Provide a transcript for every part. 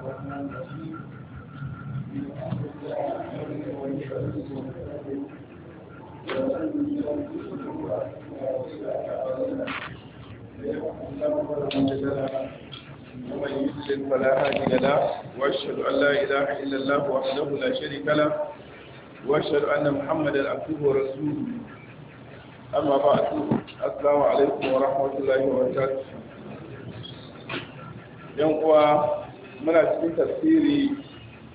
ومن يسلم فلا هادي له واشهد ان لا اله الا الله وحده لا شريك له واشهد ان محمدا عبده ورسوله اما بعد السلام عليكم ورحمه الله وبركاته yan uwa muna cikin tafsiri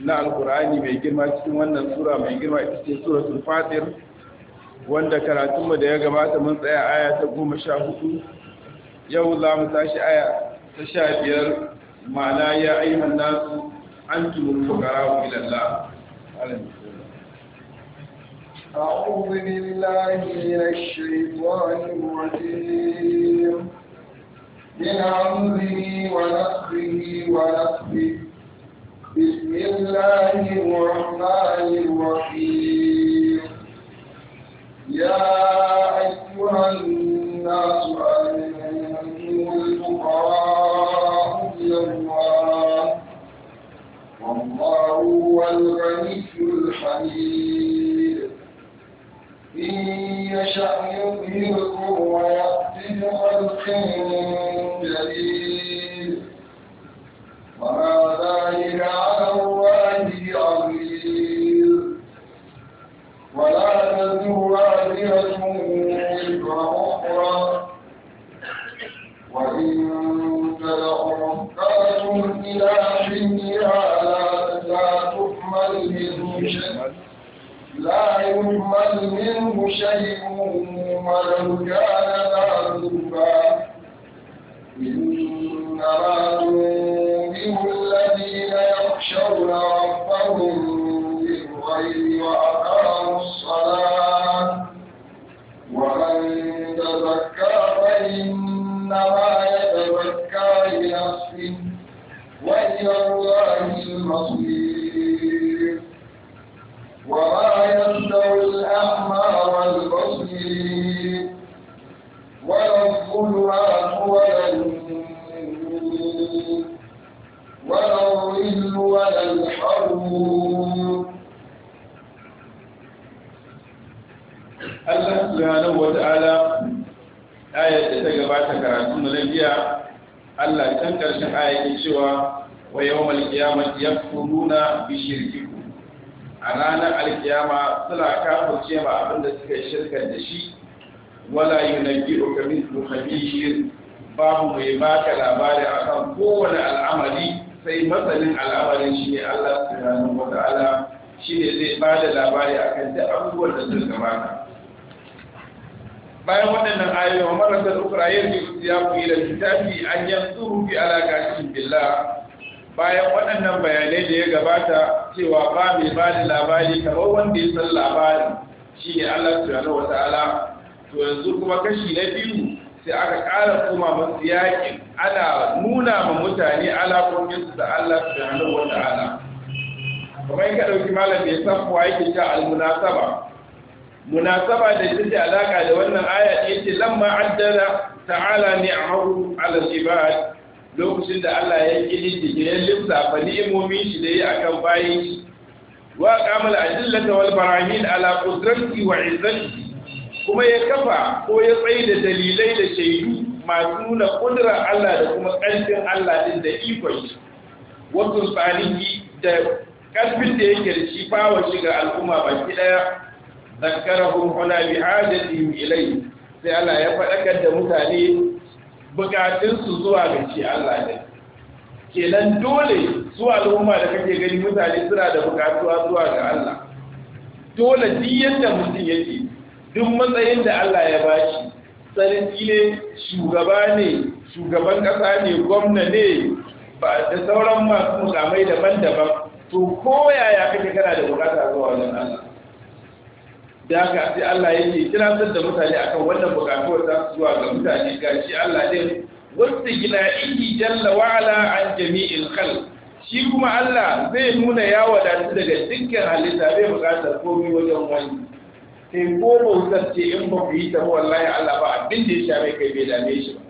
na alkur'ani mai girma cikin wannan sura mai girma ita ce suratul fatir wanda karatunmu da ya gabata mun tsaya aya ta goma sha hudu yau za mu tashi aya ta sha biyar ma'ana ya ayyuhan nasu an tumur fukara ila أعوذ بالله من الشيطان الرجيم من عمره ونفسه ونفسه بسم الله الرحمن الرحيم يا أيها الناس أنتم الفقراء إلى الله والله هو الغني الحميد إن يشأ يذهبكم ويأتي بخلق جديد وما ذلك على الله بعزيز ولا تزر وازرة وزر أخرى وإن تدع إلى حينها لا تحمل منه شيء يهمل منه شيء ولو كان معذوبا إنما تنذر الذين يخشون ربهم بالغيب وأقاموا الصلاة ومن تزكى فإنما يتزكى لنفسه وإلى الله المصير وما والذي الأعمى والبصير Allah subhanahu wa ta'ala da ta gabata karatun na lafiya Allah kan karshen ayar cewa wa yawmal Malkiya, yakfuruna bi shirki a ranar alkiyama suna kafurce ma abin da suka shirka da shi wala yunabbi'u ka mithlu shi, babu mai baka labari akan kowane al'amari sai masanin al'amarin shi ne Allah subhanahu wa ta'ala shi ne zai ba da labari akan da abubuwan da suka gabata bayan waɗannan ayoyi wa da su ya ku da kitabi an yanzu fi alaƙa billa. bayan waɗannan bayanai da ya gabata cewa ba mai ba da labari kamar wanda ya san labari shi ne Allah subhanahu wata ala to yanzu kuma kashi na biyu sai aka ƙara koma masu yaƙin ana nuna ma mutane alaƙoƙin su da Allah subhanahu wata ala kamar ka ɗauki malam ya san kuwa yake ta almunasaba munasaba da ce alaƙa da wannan aya ce lamma addana ta'ala ni'amahu 'ala al-ibad lokacin da Allah ya kididdige ya lissafa ni'imomin shi da ya akan bayin shi wa qamal adillata wal barahin ala qudratihi wa kuma ya kafa ko ya tsaye da dalilai da shaidu masu nuna kudurar Allah da kuma ƙarfin Allah din da ikon shi wasu tsariki da ƙarfin da yake da shi bawa shi al'umma baki ɗaya zakarahum huna bi hajatihim ilayhi sai Allah ya faɗakar da mutane bukatunsu zuwa ga ce Allah ne kenan dole zuwa al'umma da kake gani mutane suna da bukatuwa zuwa ga Allah dole duk yadda mutum yake duk matsayin da Allah ya bashi sarki ne shugaba ne shugaban kasa ne gwamna ne ba da sauran masu mukamai daban-daban to ko yaya kake kana da bukata zuwa wajen Allah da haka sai Allah yake kiratar da mutane akan wannan bukatuwar su zuwa ga mutane gashi Allah din Wasu gina ihi jalla wa ala an jami'il khal shi kuma Allah zai nuna ya wadatu daga dukkan halitta zai bukatar komai wajen wani sai ko bautar ce in ba ku yi ta wallahi Allah ba abin da ya sha kai bai dame shi ba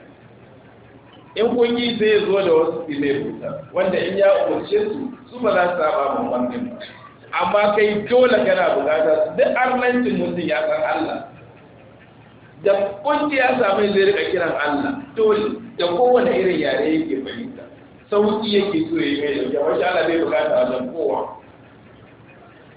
in kun yi zai zo da wasu su mai wanda in ya umarce su su ba za su saba ban wannan ba amma kai dole kana bukata duk arnancin mutum ya san Allah da kunci ya same zai rika kiran Allah dole da kowane irin yare yake fahimta sauki yake so ya yi mai da wajen Allah bai bukata a kowa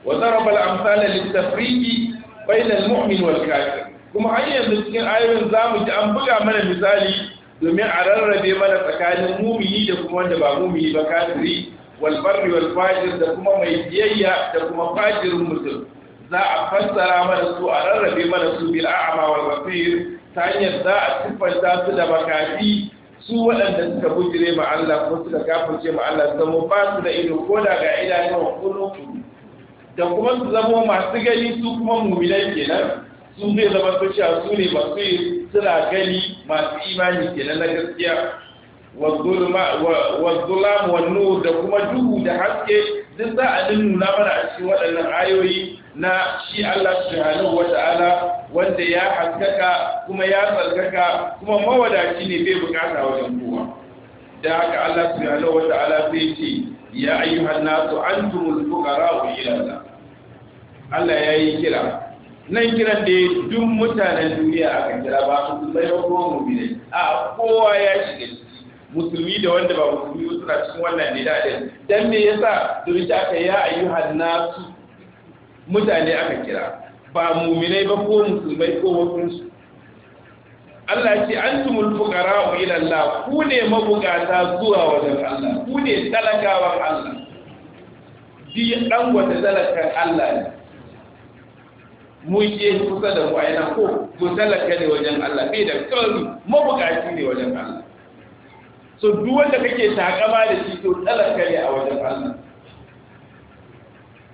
wa zaraba amsal lit-tafriqi bayna al-mu'min wal-kafir kuma har yanzu cikin ayoyin zamu ji an buga mana misali domin a rarrabe mana tsakanin mumini da kuma wanda ba mumini ba kafiri walbarri walfajir da kuma mai biyayya da kuma fajirin mutum za a fassara mana su a rarrabe mana su bil a'ama wal basir ta hanyar za a siffanta su da makafi su waɗanda suka bujire ma Allah ko suka kafirce ma Allah zama ba su da ido ko da ga idanun kunu da kuma su zama masu gani su kuma mu'minai kenan su zai zama su su ne masu suna gani masu imani kenan na gaskiya والظلام والنور da kuma duhu da haske duk أدن a nuna mana a cikin waɗannan ayoyi na shi Allah subhanahu wa ta'ala wanda ya haskaka kuma ya tsarkaka kuma mawadaci ne bai bukata سبحانه kowa da haka Allah أيها wa ta'ala sai ce ya ayyuhan nasu antumul fuqara'u Allah ya yi kira nan kiran da duk mutanen duniya a kan kira ba su bai ko mu bi a kowa ya shiga musulmi da wanda ba musulmi suna cikin wannan ne daɗin dan me yasa zurci aka ya ayyuhan nasu mutane aka kira ba muminai ba ko musulmai ko wasu Allah ce an tumul fuqara ila Allah ku ne mabukata zuwa wajen Allah ku ne talakawan Allah di dan wata talakan Allah ne mu je kusa da wayana ko mu talaka ne wajen Allah bai da kauri mabukaci ne wajen Allah so duk wanda kake takama da shi to talaka ne a wajen Allah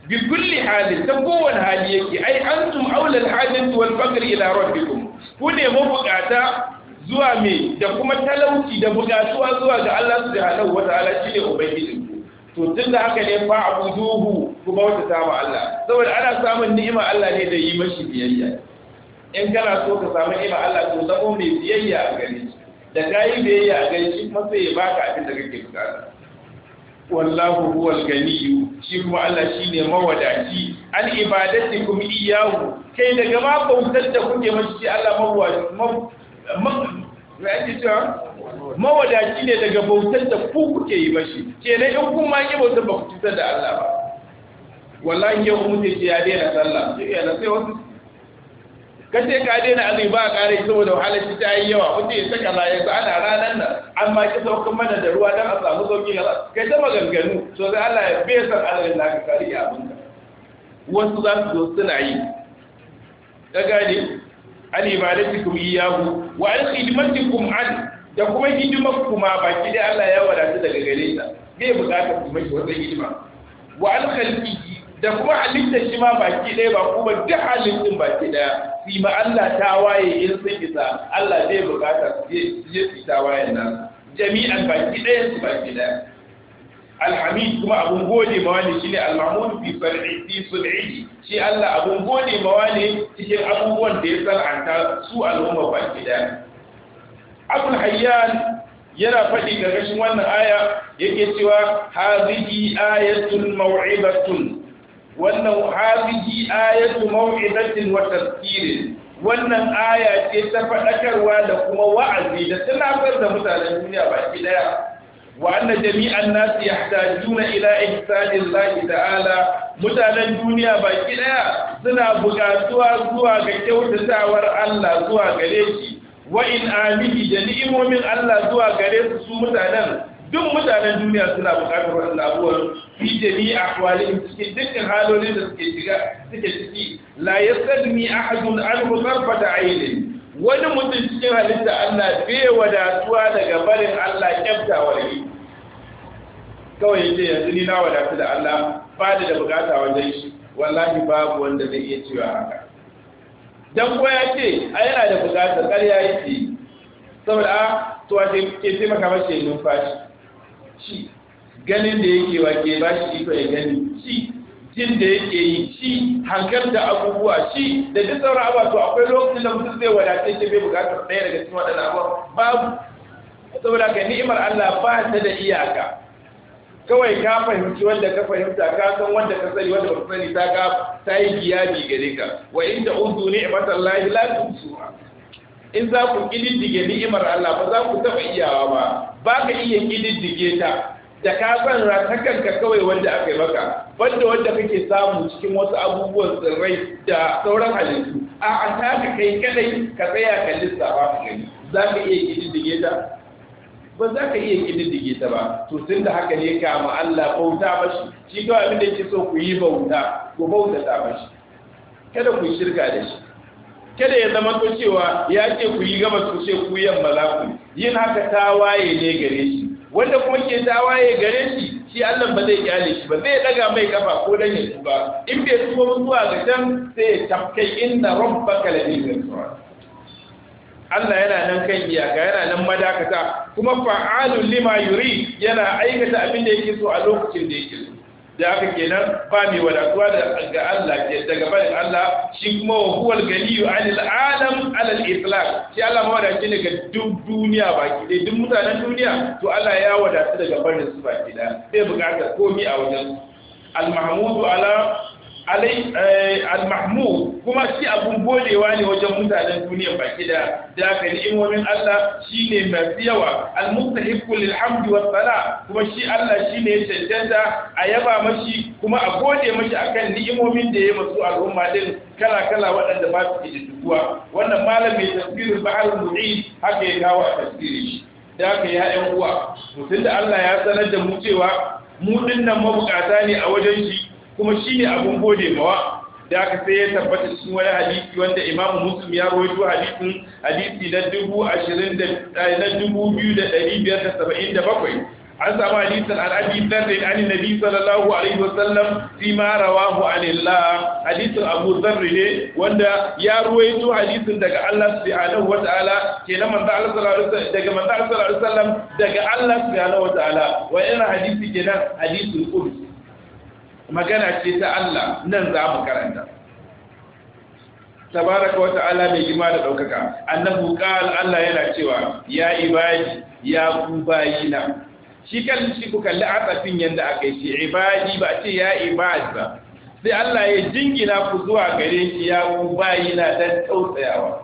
bi kulli halin ta kowane hali yake ai antum aula alhajat wal faqr ila rabbikum ku ne mabukata zuwa me da kuma talauci da bugatuwa zuwa ga Allah subhanahu wa ta'ala ne ubangiji to tun haka ne fa abuduhu ku bauta ta wa Allah saboda ana samun ni'ima Allah ne da yi mashi biyayya in kana so ka samu ni'ima Allah to zabo mai biyayya a gare da yi da a gani shi kuma sai ya baka abin da kake bukata wallahu al ganiyyu shi kuma Allah shine mawadaci an ibadatikum iyyahu kai daga ma bautar da kuke mashi Allah mawadaci me ake cewa mawadaci ne daga bautar da ku kuke yi mashi kenan in kun ma ki bautar ba ku cutar da Allah ba wallahi yau ce ya daina sallah sai wasu kace ka daina azumi ba kare shi saboda wahalar shi ta yi yawa kun ce saka la yanzu ana ranan nan an ma ki saukan mana da ruwa dan a samu sauki ga kai ta maganganu so sai Allah ya besa san da ka kare ya mun ka wasu za su zo suna yi ka gane an ibadatikum iyyahu wa an khidmatikum an da kuma hidimar kuma baki dai Allah ya wadata daga gare ta bai bukatar kuma shi wata hidima wa an khalqihi da kuma halitta shi ma baki ɗaya ba kuma duk halittun baki ɗaya su ma Allah ta waye in sun isa Allah zai bukata su je su ta waye nan jami'an baki ɗaya su baki ɗaya alhamid kuma abun gode mawali shine almamud bi far'i fi sulhi shi Allah abun gode mawali cikin abubuwan da ya sar'anta su al'umma baki ɗaya abul hayyan yana faɗi ga gashin wannan aya yake cewa hazihi ayatul maw'idatun wannan hadisi ayatu mau'izatin wa tazkirin wannan aya ce ta fadakarwa da kuma wa'azi da tunatar da mutanen duniya baki daya wa anna jami'an nasi yahtajuna ila ihsanillahi ta'ala mutanen duniya baki daya suna buƙatuwa zuwa ga kyautatawar Allah zuwa gare shi wa in da ni'imomin Allah zuwa gare su mutanen duk mutanen duniya suna buƙatar wannan abubuwan fi a ahwalihim cikin dukkan halolin da suke shiga suke ciki la yasadmi ahadun anhu tarfata aynin wani mutum cikin halitta Allah bai wadatuwa daga barin Allah kyafta wani kawai ce yanzu ni na wadatu da Allah ba da bukata wajen shi wallahi babu wanda zai iya cewa haka dan ko ya ce a yana da bukatar karya yake saboda a ah, to a ke taimaka mace numfashi ci ganin da yake wake ke ba shi iko ya gani ci jin da yake yi ci hankar da abubuwa ci da duk sauran abubuwa to akwai lokacin da mutum zai wadace shi bai bukatar ɗaya daga cikin waɗannan abubuwa babu saboda ka ni'imar Allah ba ta da iyaka kawai ka fahimci wanda ka fahimta ka san wanda ka sani wanda ba ka sani ta ga ta yi giyabi gare ka wa inda udu ni'matallahi la tusuha in za ku kididdige ni'imar Allah ba za ku taɓa iyawa ba ba ka iya kididdige ta da ka san kanka kawai wanda aka yi maka banda wanda kake samu cikin wasu abubuwan tsirrai da sauran halittu a an taka kai kadai ka tsaya ka lissafa ka gani za ka iya kididdige ta ba za ka iya kididdige ta ba to tun da haka ne kama Allah bauta mashi shi kawai abin da yake so ku yi bauta ku bauta ta mashi kada ku shirka da shi kada ya zama to cewa ya ce ku yi gaba ku ce ku yamma za yin haka ta waye ne gare shi wanda kuma ke waye gare shi shi Allah ba zai kyale shi ba zai daga mai kafa ko dan ya tuba in bai tuba zuwa ga can sai ya tafkai inna rabbaka la bil Allah yana nan kan iyaka yana nan madakata kuma fa'alu lima yuri yana aikata abin da yake so a lokacin da yake so da aka kenan ba mai wadatuwa ga Allah ke daga barin Allah shi kuma wa huwal galiyu anil adam alal islam shi Allah ma wadace ne ga duk duniya baki dai duk mutanen duniya to Allah ya wadatu daga barin su baki da bai bukatar komi a wajen al mahmudu ala Eh, al-mahmud kuma shi abun bolewa ne wajen mutanen duniya baki da daga ni'imomin Allah shine masu yawa al-mustahiqu lil hamdi kuma shi Allah shine ya tantanta, a yaba mashi kuma a gode mashi akan ni'imomin da ya masu al'umma din kala kala waɗanda ba su kididduwa wannan malam mai tafsirin ba'al haka ya kawo a da ya ƴan uwa mutum da Allah ya sanar da mu cewa mu dinnan mabukata ne a wajen shi kuma shi ne abun gode mawa da aka sai ya tabbata cikin wani hadisi wanda Imam muslim ya rawaito hadisin hadisi na dubu ashirin da eh, na dubu biyu da ɗari biyar da saba'in da bakwai an samu hadisin an abi zarrin an nabi sallallahu alaihi wasallam fi ma rawahu anillah hadisin abu zarri ne wanda ya ruwaito hadisin daga Allah subhanahu wa ta'ala kenan manzo Allah sallallahu alaihi daga manzo Allah sallallahu alaihi wasallam daga Allah subhanahu wa ta'ala wa ina hadisi kenan hadisun qudsi magana ce ta Allah nan za mu karanta tabaraka wa Allah mai girma da daukaka annabi qal Allah yana cewa ya ibadi ya ku bayina shi kan shi ku kalli atafin yanda aka yi ibadi ba ce ya ibadi ba sai Allah ya jingina ku zuwa gare shi ya ku bayina dan tausayawa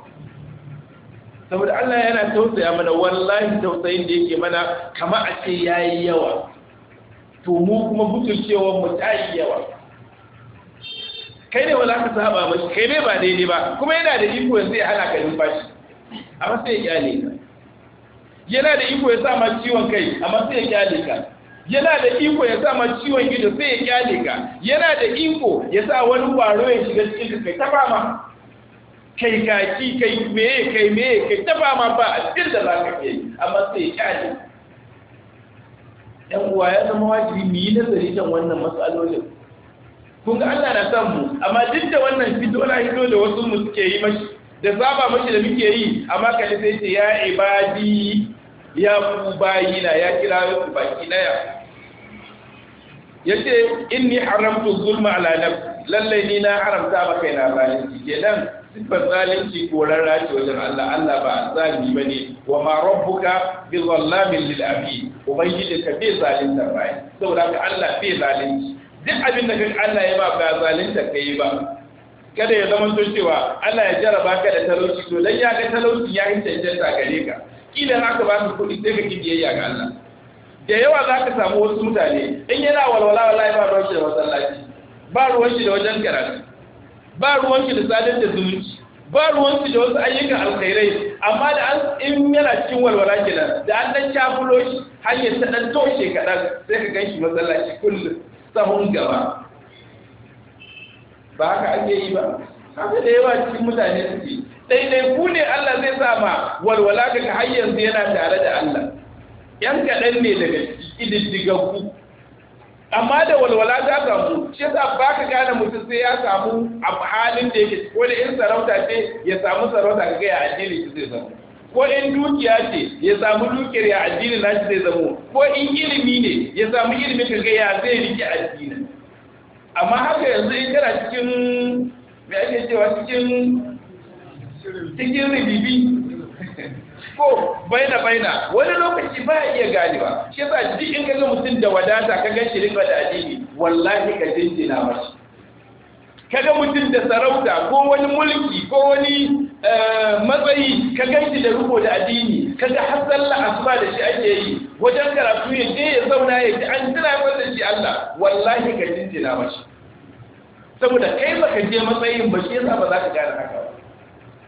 saboda Allah yana tausaya mana wallahi tausayin da yake mana kama a ce yayi yawa to mu kuma cewa mu ta yi yawa kai ne wala ka saba ba kai ne ba daidai ba kuma yana da iko yanzu ya hana ka numfashi amma sai ya kyale ka yana da iko ya sa ma ciwon kai amma sai ya kyale ka yana da iko ya sa ma ciwon ido sai ya kyale ka yana da iko ya sa wani kwaro ya shiga cikin kai ta ma kai kaki kai meye kai meye kai ta ma ba a cikin da za ka kai amma sai ya kyale ka yan uwa ya zama wajibi mu yi nazari kan wannan matsalolin kun ga Allah na san mu amma duk da wannan fito na hito da wasu mu suke yi mashi da saba mashi da muke yi amma kalli sai ce ya ibadi ya ku na ya kira ku baki daya yace inni haramtu zulma ala nafsi lalle ni na haramta ba kaina zalunci kenan sifar zalunci korarra ce wajen Allah Allah ba zalimi bane wa ma rabbuka bi zallamin lil abi ubangiji ka bai zalunta bai saboda ka Allah bai zalunci duk abin da kai Allah ya ba ba zalunta kai ba kada ya zama to cewa Allah ya jaraba ka da talauci to dan ya ga talauci ya hinta ta gare ka kila na ka ba ka kuɗi sai ka ya ga Allah da yawa za ka samu wasu mutane in yana walwala wallahi ba ruwan shi da masallaci ba ruwan shi da wajen karatu ba ruwan da zalin da zumunci ba ruwan da wasu ayyukan alkhairai amma da an in yana cikin walwala kenan da an dan shafulo shi hanyar ta dan toshe kaɗan sai ka gan shi kullum sahun gaba ba haka ake yi ba haka da yawa cikin mutane suke daidai ku ne Allah zai sa ma walwala ka har yanzu yana tare da Allah yan kaɗan ne daga ku. amma da walwala ta samu shi yasa ba ka gane mutum sai ya samu a halin da yake ko da in sarauta ce ya samu sarauta ga ya addini shi zai zama ko in dukiya ce ya samu dukiyar ya addini na shi zai zama ko in ilimi ne ya samu ilimi ka ga ya zai rike addini amma haka yanzu in kana cikin me ake cewa cikin cikin ribibi ko baina baina wani lokaci ba ya iya ba shi yasa duk in kaga mutum da wadata ka ga shi da addini wallahi ka jinjina mashi kaga mutum da sarauta ko wani mulki ko wani eh, matsayi ka ganshi da rubo da addini kaga har sallah asuba da shi ake yi wajen karatu ya je ya zauna ya ji an tuna masa shi Allah wallahi ka jinjina mashi saboda kai baka je matsayin ba shi yasa ba za ka gane haka ba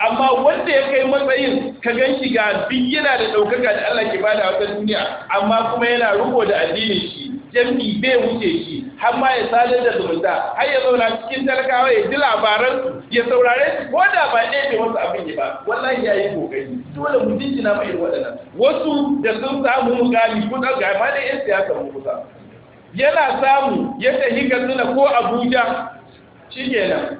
amma wanda ya kai matsayin ka gan shi ga duk yana da ɗaukaka da Allah ke bada a duniya amma kuma yana riko da addinin shi jam'i bai wuce shi har ma ya sadar da zumunta har ya zauna cikin talakawa ya ji labaran ya saurare su ko da ba ɗaya bai wasu abin ya ba wallahi ya yi kokari dole mu jinjina ma waɗannan wasu da sun samu mu mukami kusa ga ma da yan siyasa mu kusa yana samu ya tafi ko Abuja shi kenan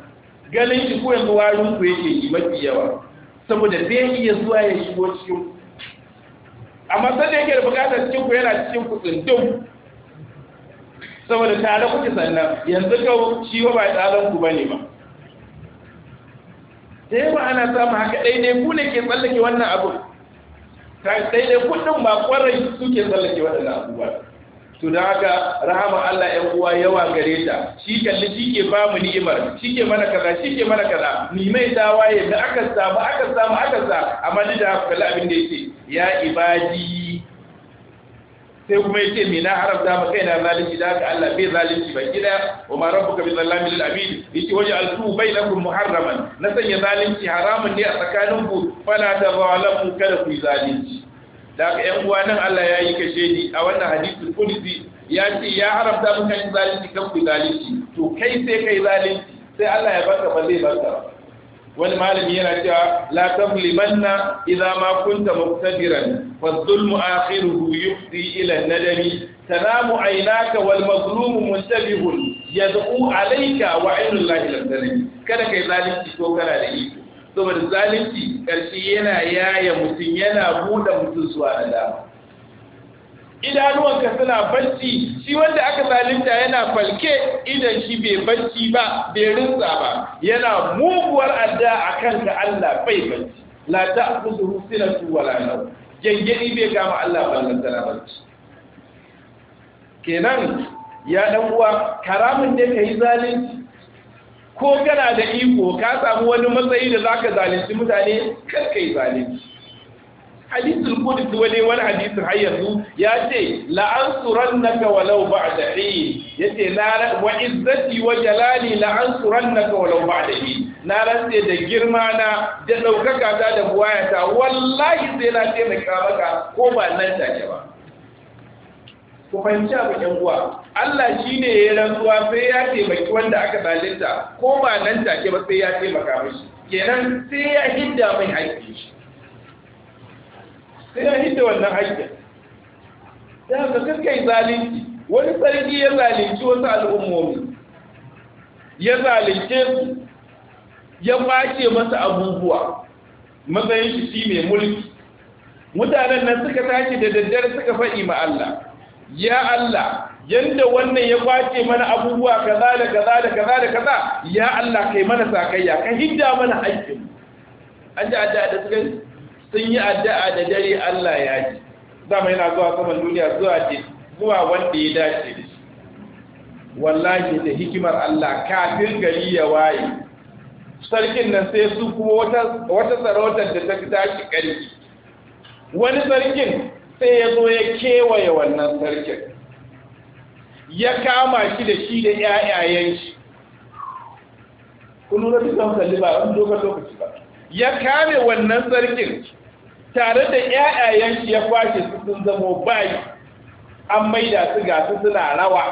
ganin shi ko yanzu warin ku yake yi mafi yawa saboda zai iya zuwa ya shigo cikin ku amma da yake da bukatar cikin ku yana cikin ku tsindin saboda tare kuke sannan yanzu kau shi ba tsaron ku bane ba da yawa ana samun haka daidai ku ne ke tsallake wannan abu daidai kudin ba kwarai suke tsallake waɗannan abubuwa to don haka rahama Allah ‘yan uwa yawa gare ta shi kalli shi ke ba mu ni'imar shi ke mana kaza shi ke mana kaza ni mai waye da aka samu aka samu aka sa amma ni da haka kalli abin da yake ya ibadi sai kuma yace me na haramta kai na zalunci da haka Allah bai zalunci ba gida wa ma rabbuka bi zalami lil abid yace waje alfu bainakum muharraman na sanya zalunci haramun ne a tsakaninku fala tazalamu kada ku zalunci da aka yan uwa nan Allah ya yi kashe ni a wannan hadisul qudsi ya ce ya haramta maka yin zalunci kan ku zalunci to kai sai kai zalunci sai Allah ya baka ba zai baka wani malami yana cewa la tamlimanna idza ma kunta muqtadiran fa dhulmu akhiruhu yufdi ila nadami tanamu aynaka wal mazlumu muntabihun yad'u alayka wa aynu llahi lam kada kai zalunci ko kana da iko saboda zalunci ƙarshe yana yaya mutum yana buɗe mutum zuwa dama. idanuwanka suna bacci shi wanda aka zalunta yana falke idan shi bai bacci ba bai rinsa ba yana muguwar adda a kanka Allah bai bacci la ta sinatu wa su walanau gengedi bai gama Allah ballan tana bacci kenan ya dan uwa karamin da yi zalunci ko kana da iko ka samu wani matsayi da zaka zalunci mutane kar kai zalunci hadisul qudsi wani wani hadisin har yanzu ya ce la ansurannaka walau ba'da hin yace la wa izzati wa jalali la ansurannaka walau ba'da hin na rantse da girma na da daukaka ta da buwayata wallahi sai na taimaka maka ko ba nan take ba ku fahimci abin yan uwa Allah shine ya rantsuwa sai ya taimaki wanda aka zalunta ko ba nan take ba sai ya taimaka mishi kenan sai ya hidda mai haƙƙi shi sai ya hidda wannan haƙƙin da haka kakkai zalunci wani sarki ya zalunci wasu al'ummomi ya zalunce su ya kwace masa abubuwa matsayin shi shi mai mulki mutanen nan suka tashi da daddare suka faɗi ma Allah ya Allah yanda wannan ya kwace mana abubuwa kaza da kaza da kaza da kaza ya Allah kai mana sakayya ka hidda mana haƙƙin an ji addu'a da sun sun yi addu'a da dare Allah ya ji zama yana zuwa saman duniya zuwa ce zuwa wanda ya dace da shi wallahi da hikimar Allah kafin gari ya waye sarkin nan sai su kuma wata sarautar da ta tashi ƙarfi wani sarkin sai ya zo ya kewaye wannan sarkin ya kama shi da shi da ‘ya'yayen shi kun lura da kalli ba a dogon lokaci ba ya kame wannan sarkin tare da ‘ya'yayen shi ya kwashe su sun zamo bayi an maida su ga su suna rawa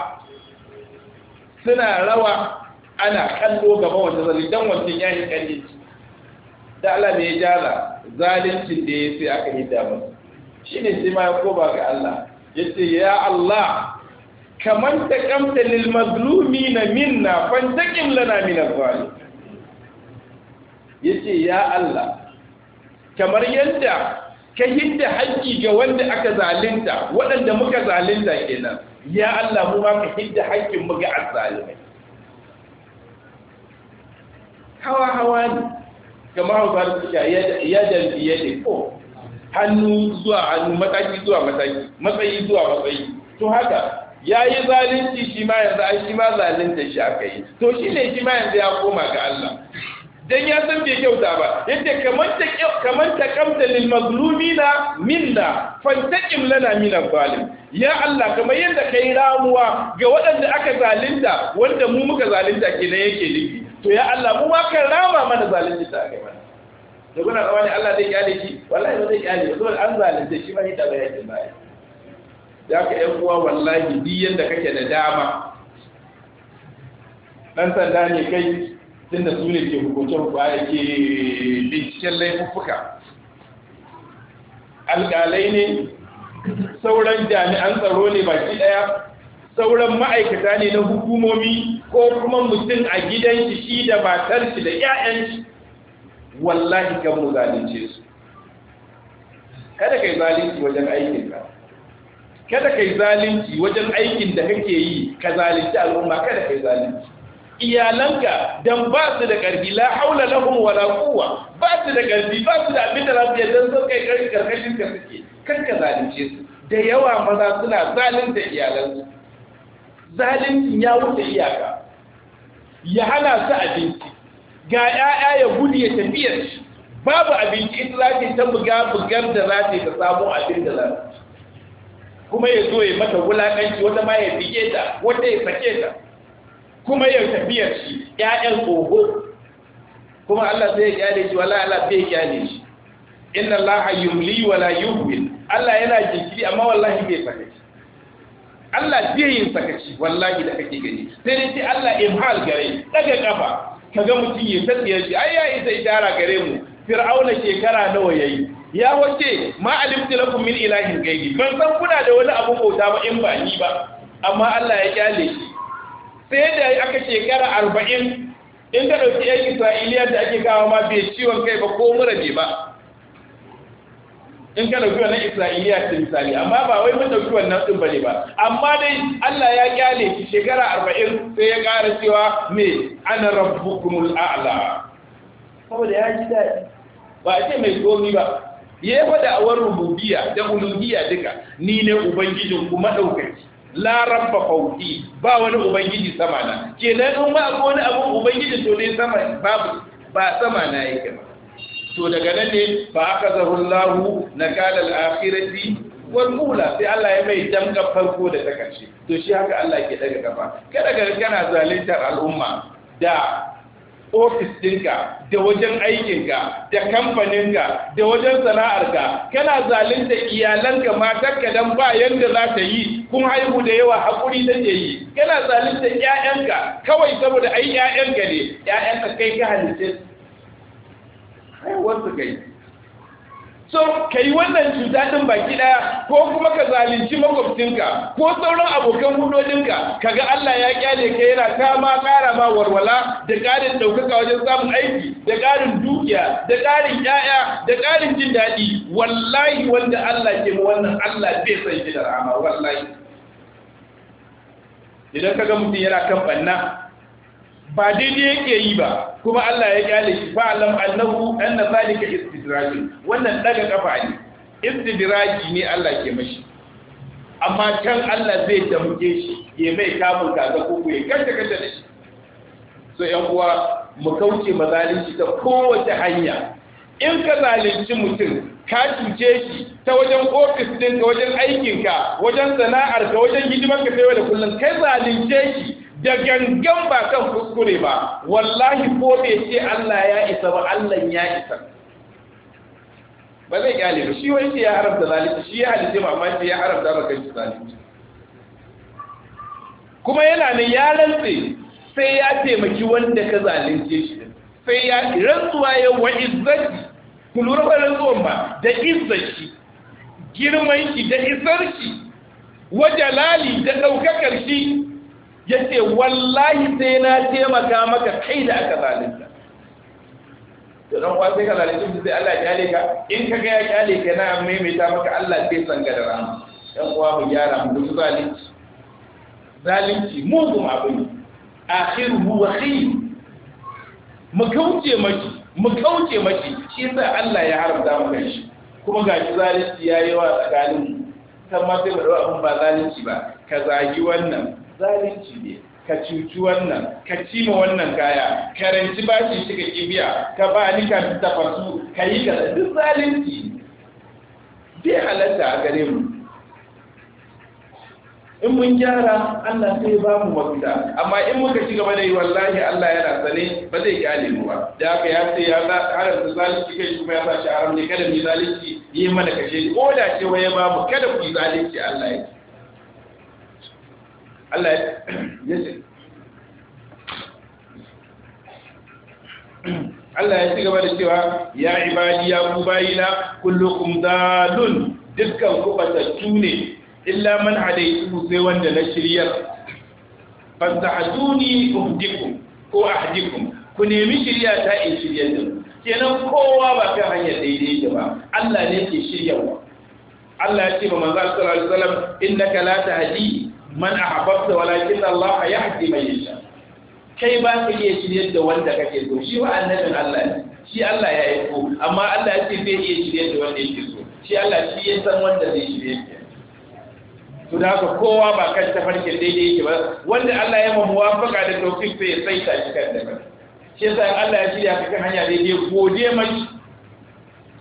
suna rawa ana kallo gaba wanda zali dan wancan ya yi kalli da Allah ne ya jara zalincin da ya sai aka yi damar shine sai ma ya koba ga Allah yace ya Allah kaman ta kamta lil na minna fantaqim lana min al-zalim yace ya Allah kamar yadda ka hidda haƙƙi ga wanda aka zalunta waɗanda muka zalunta kenan ya Allah mu ma ka hidda haƙƙin mu ga azzalimai hawa hawa ne kamar hau da suka ya dalbi ya ko hannu zuwa hannu mataki zuwa mataki matsayi zuwa matsayi to haka ya yi zalunci shi ma yanzu ai shi ma zalunta shi aka yi to shi ne shi ma yanzu ya koma ga Allah dan ya san bai kyauta ba yadda kamar ta kamar ta kamta lil mazlumina minna fantaqim lana min zalim ya Allah kamar yadda kai ramuwa ga waɗanda aka zalunta wanda mu muka zalunta kenan yake nufi to ya Allah mu ma kan rama mana zalunci ta kai mana da kuna tsammani Allah zai kyale shi wallahi ba zai kyale ba saboda an zalunce shi ba hita bayanin baya da ka yan uwa wallahi da yanda kake da dama dan sanda ne kai tunda su ne ke hukunce hukunce ke binciken laifuffuka alƙalai ne sauran jami'an tsaro ne baki ɗaya sauran ma'aikata ne na hukumomi ko kuma mutum a gidan shi shi da matar shi da 'ya'yan shi wallahi kan mu zalunce su kada kai zalunci wajen aikin ka kada kai zalunci wajen aikin da kake yi ka zalunci al'umma kada kai zalunci iyalanka dan ba su da karfi la haula lahum wala quwwa ba su da karfi ba su da abin da za su yi dan sun kai karfi karkashin ka suke kan ka zalunce su da yawa maza suna zalunta iyalansu zalunci ya wuce iyaka ya hana su abinci ga ‘ya'ya ya gudu ya tafiyar shi babu abinci in za ta ta buga bugar da za ta ta samu abin da za ta kuma ya zo ya mata wulaƙanci wata ma ya fiye ta wata ya sake ta kuma ya tafiyar shi ‘ya'yan tsoho kuma Allah zai gyale shi wala Allah zai gyale shi inna Allah yumli wala yuhbil Allah yana jinkiri amma wallahi bai sakaci Allah zai yin sakaci wallahi da kake gani sai dai Allah imhal gare daga kafa Ka kaga mutum ya tsatsiya shi ai yayi sai tara gare mu fir'auna shekara nawa yayi ya wace ma alimtu lakum min ilahin gairi ban san kuna da wani abu bauta ba in ba ni ba amma Allah ya kyale shi sai da aka shekara arba'in in ka ɗauki 'yan isra'iliyar da ake kawo ma bai ciwon kai ba ko mura ba in ka dauki wannan Isra'iliya ta misali amma ba wai mun dauki wannan din bane ba amma dai Allah ya kyale shi shekara 40 sai ya ƙara cewa me ana rabbukumul a'la saboda ya ji dadi ba a ce mai komi ba ya yi da awar rububiya da uluhiyya duka ni ne ubangijin ku madaukaki la rabba fauki ba wani ubangiji sama na kenan in ba wani abun ubangiji to dai sama babu ba sama na yake ba to daga nan ne fa aka zahullahu na kalal akhirati wal mula sai Allah ya mai damga farko da ta karshe to shi haka Allah ke daga kafa kada ga kana zaluntar al'umma da ofis ɗinka da wajen aikinka da kamfaninka da wajen sana'arka kana zalunta iyalanka matarka dan ba yanda za ta yi kun haihu da yawa hakuri da yi kana zalunta 'ya'yanka kawai saboda ai 'ya'yanka ne 'ya'yanka kai ka halitta haihuwarsu ka yi so ka yi wannan cuta ɗin baki ɗaya ko kuma ka zalunci makwabcinka ko sauran abokan hudodinka ga Allah ya kyale ka yana ta ma ƙara ma warwala da ƙarin ɗaukaka wajen samun aiki da ƙarin dukiya da ƙarin ƴaƴa da ƙarin jin daɗi wallahi wanda Allah ke mu wannan Allah zai san shi da wallahi idan kaga mutum yana kan banna ba daidai yake yi ba kuma Allah ya kyale shi fa alam annahu anna zalika istidraj wannan daga kafa ne istidraj ne Allah ke mashi amma can Allah zai damke shi ya mai kamun kaza ko ya kanta kanta da shi so yan uwa mu kauce mazalunci ta kowace hanya in ka zalunci mutum ka cuce shi ta wajen ofis ɗinka wajen aikinka wajen sana'arka wajen hidimarka sai da kullum kai zalunce shi da gangan ba kan kuskure ba wallahi ko bai ce Allah ya isa ba Allah ya isa ba zai kyale ba shi wai shi ya haramta zalunci shi ya halitta ba amma ya haramta ba kan zalunci kuma yana nan ya rantse sai ya taimaki wanda ka zalunce shi sai ya rantsuwa ya wa izzati ku lura ba rantsuwan ba da izzaki girman shi da isarki wa jalali da daukakar shi Ya ce wallahi sai na taimaka maka kai da aka zalunta to don kwa sai ka zalinta su sai Allah ya kyale ka in ka ga ya kyale ka na maimaita maka Allah sai san da rama Ɗan uwa mu gyara mu duk zalunci zalunci mugun abin akhiruhu wa khayr mu kauce maki mu kauce maki shi yasa Allah ya haramta maka shi kuma ga shi zalunci yi wa tsakanin kan ma sai mu dawo abin ba zalunci ba ka zagi wannan zalunci ne ka cuci wannan ka ci ma wannan kaya Karanci ranci bashi shi ka kibiya ka ba ni ka tafasu ka yi ka duk zalunci dai halatta a gare mu in mun gyara Allah sai ba mu mafita amma in muka ci gaba da yi wallahi Allah yana sane ba zai kyale mu ba da haka ya ce ya da zalunci kai kuma ya sa shi haram ne kada mu zalunci yi mana kashe ko da ce waye ba mu kada ku zalunci Allah ya Allah ya ce Allah ya ci gaba da cewa ya ibadi ya ku bayina kullukum dalun dukkan ku batattu ne illa man hadaitu sai wanda na shiryar fastahduni uhdikum ko ahdikum ku nemi shirya ta in shirya din kenan kowa ba kan hanyar daidai da ba Allah ne ke shiryawa Allah ya ce ba manzo sallallahu alaihi wasallam innaka la tahdi man ahbabta walakin Allah yahdi man yasha kai ba ka iya shiryar da wanda kake so shi wa annabin Allah ne shi Allah ya yi ko amma Allah ya ce bai iya shiryar da wanda yake so shi Allah shi ya san wanda zai shirye shi to da haka kowa ba kan farkin daidai yake ba wanda Allah ya faka da tofik sai ya saita shi kan da shi yasa Allah ya shirya ka kan hanya daidai gode mai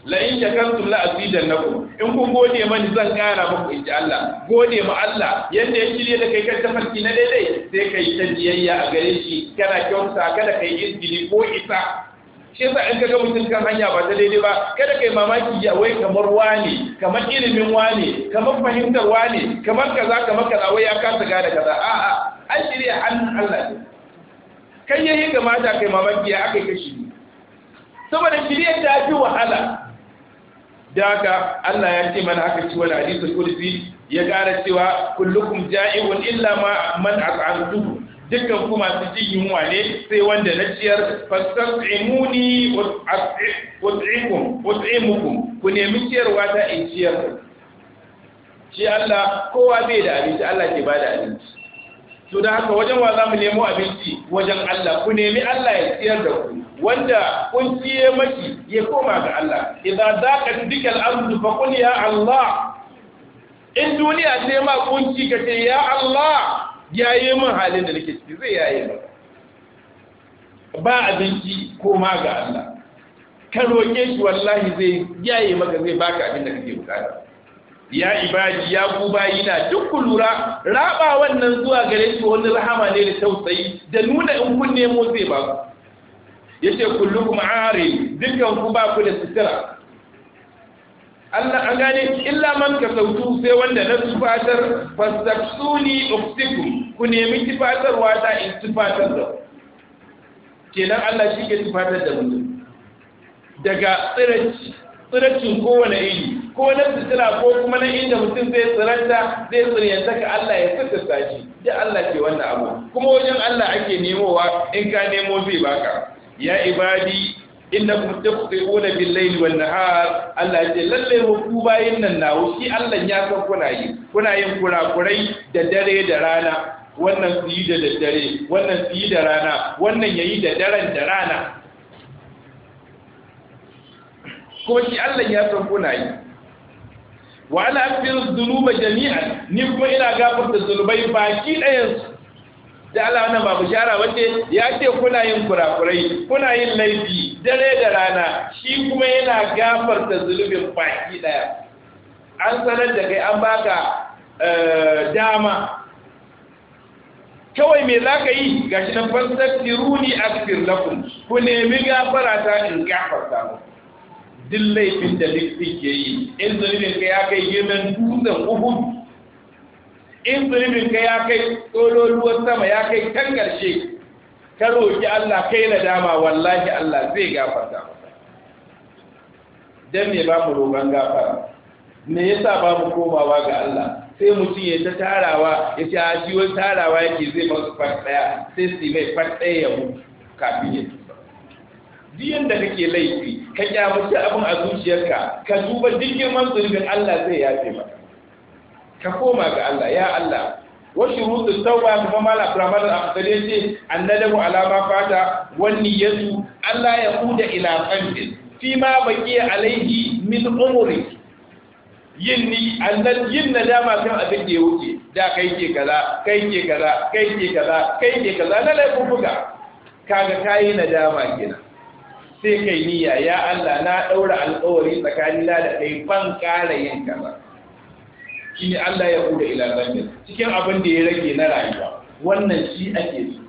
la in shakartum la azidannakum in kun gode mani zan kara muku inji Allah gode ma Allah yanda ya shirye da kai kan tafarki na daidai sai kai ta biyayya a gare shi kana kyauta kada kai izini ko isa shi yasa in kaga mutum kan hanya ba ta daidai ba kada kai mamaki ya wai kamar wani kamar ilimin wani kamar fahimtar wani kamar kaza kamar kaza wai ya kasa gane kaza a'a an shirya hannun Allah ne kai yayi ga kai mamaki ya akai kashi saboda shirye ta fi wahala da haka Allah ya ce mana haka ciwon hadisul kursi ya gara cewa kullukum ja'ibun illa ma man at'amtuhu dukkan ku masu ji yunwa ne sai wanda na ciyar fastasimuni ut'imukum ut'imukum ku nemi ciyarwa ta in ciyar shi Allah kowa bai da abinci Allah ke bada abinci to da haka wajen wa za mu nemo abinci wajen Allah ku nemi Allah ya ciyar da ku wanda kun ya maki ya koma ga Allah idza daqat bikal ardu fa qul ya Allah in duniya ce ma kunci ka ce ya Allah yi min halin da nake ciki zai yayi maka ba abinci koma ga Allah ka roƙe shi wallahi zai yayi maka zai baka abin da kake bukata ya ibadi ya ku na duk ku lura raba wannan zuwa gare shi wani rahama ne da tausayi da nuna in kun nemo zai ba ku yace kullukum aari dukkan ku ba ku da sitira Allah an gane illa man ka sautu sai wanda na tufatar fastaksuni uftikum ku nemi tufatarwa ta in tufatar da kenan Allah shi ke tufatar da mutum daga tsiraci tsiracin kowane iri ko na sitira ko kuma na inda mutum zai tsiranta zai tsiryanta ka Allah ya sassa shi da Allah ke wannan abu kuma wajen Allah ake nemowa in ka nemo zai baka ya ibadi innakum taquluna بالليل والنهار الله nahar Allah ya lalle ku الله nan nawo shi Allah ya san kuna da dare da rana wannan su yi da daddare wannan su yi da rana wannan yayi da daren da rana ko shi Allah ya san kuna yi wa ana aghfiru dhunuba jami'an ni kuma ina gafarta zunubai baki su. da Allah wannan ba bishara bace ya ce kuna yin kurakurai kuna yin laifi dare da rana shi kuma yana gafarta zulubin baki daya an sanar da kai an baka eh, dama kawai me za ka yi Ga gashi na a cikin lakum ku nemi gafara ta in gafarta mu duk laifin da duk ke yi in zulubin ka ya kai girman dutsen uhud in zunubin ka ya kai tsololuwar sama ya kai kan ƙarshe ka roƙi Allah kai na dama wallahi Allah zai gafarta maka dan me ba mu roƙon gafara me yasa ba mu komawa ga Allah sai mutum ya ta tarawa ya ce a shi wani tarawa yake zai masu fat ɗaya sai su mai fat ɗaya ya mutu kafin ya tuba duk da kake laifi ka kyamata abin a zuciyarka ka duba duk girman zunubin Allah zai yafe maka ka koma ga Allah ya Allah wa shurutu tauba kuma mala abdurrahman al-afdali ala ma fata Wani niyyatu Allah ya kuda ila qalbi fi ma baki alaihi min umri yin ni annan yin nadama kan abin da ya wuce da kai ke kaza kai ke kaza kai ke kaza kai ke kaza na laifin buga kaga kayi nadama gina, sai kai niyya ya Allah na daura alƙawari tsakanina da kai ban ƙara yin kaza ne Allah ya huda ila cikin abin da ya rage na rayuwa wannan shi ake so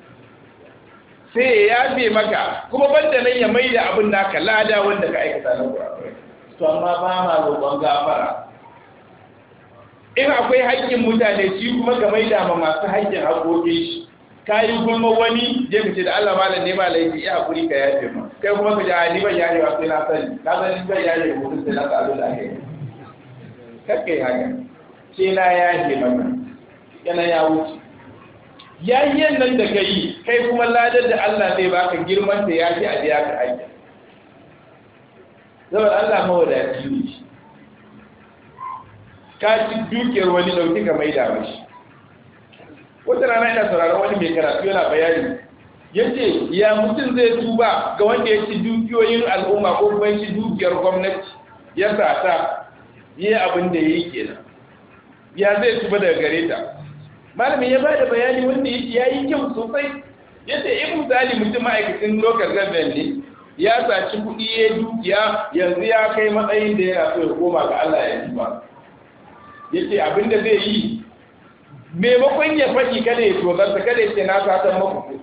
sai ya yabe maka kuma banda nan ya mai da abin naka lada wanda ka aikata na kurakurai to amma ba ma roƙon gafara in akwai haƙƙin mutane shi kuma ga mai ma masu haƙƙin haƙoƙin shi ka yi gulma wani je ka ce da Allah malam ne ba laifi ya haƙuri ka yafe ma kai kuma ka ji a ni ban ba sai na sani na sani ban yarewa mutum sai na sa'adu da ake kakkai haka sai na ke mana yana ya wuce yahiyan nan da ka yi kai kuma ladar da Allah zai baka girman da yafi a biya ka aiki saboda Allah mawadaci ne shi ka ci dukiyar wani dauki ka maida mashi wata rana ina sauraron wani mai karatu yana bayani yace ya mutum zai tuba ga wanda ya ci dukiyoyin al'umma ko kuma ya ci dukiyar gwamnati ya sata yi abin da ya yi kenan ya zai tuba daga gare ta malamin ya bada bayani wanda ya yi kyau sosai ya ce in misali mutum ma'aikacin local government ne ya saci kuɗi ya dukiya yanzu ya kai matsayin da ya so ya koma ga Allah ya tuba ya ce abin da zai yi maimakon ya faɗi kada ya tozarta kada ya ce na satan maku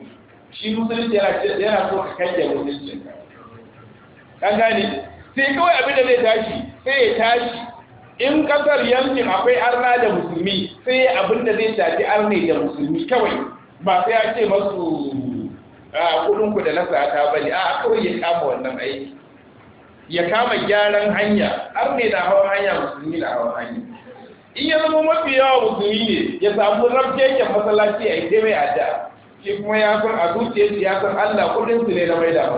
shi musulunci yana so ka kanke musulunci kan gane sai kawai abin da zai tashi sai ya tashi in kasar yankin akwai arna da musulmi sai abin da zai shafi arne da musulmi kawai ba sai ya ce masu kudin ku da na sata bane, ne a kawai ya kama wannan aiki ya kama gyaran hanya arne na hawan hanya musulmi na hawan hanya in zama mafi yawa musulmi ne ya samu ke masallaci a ita mai ada shi kuma ya san a zuciyarsa ya san allah kudin su ne na mai da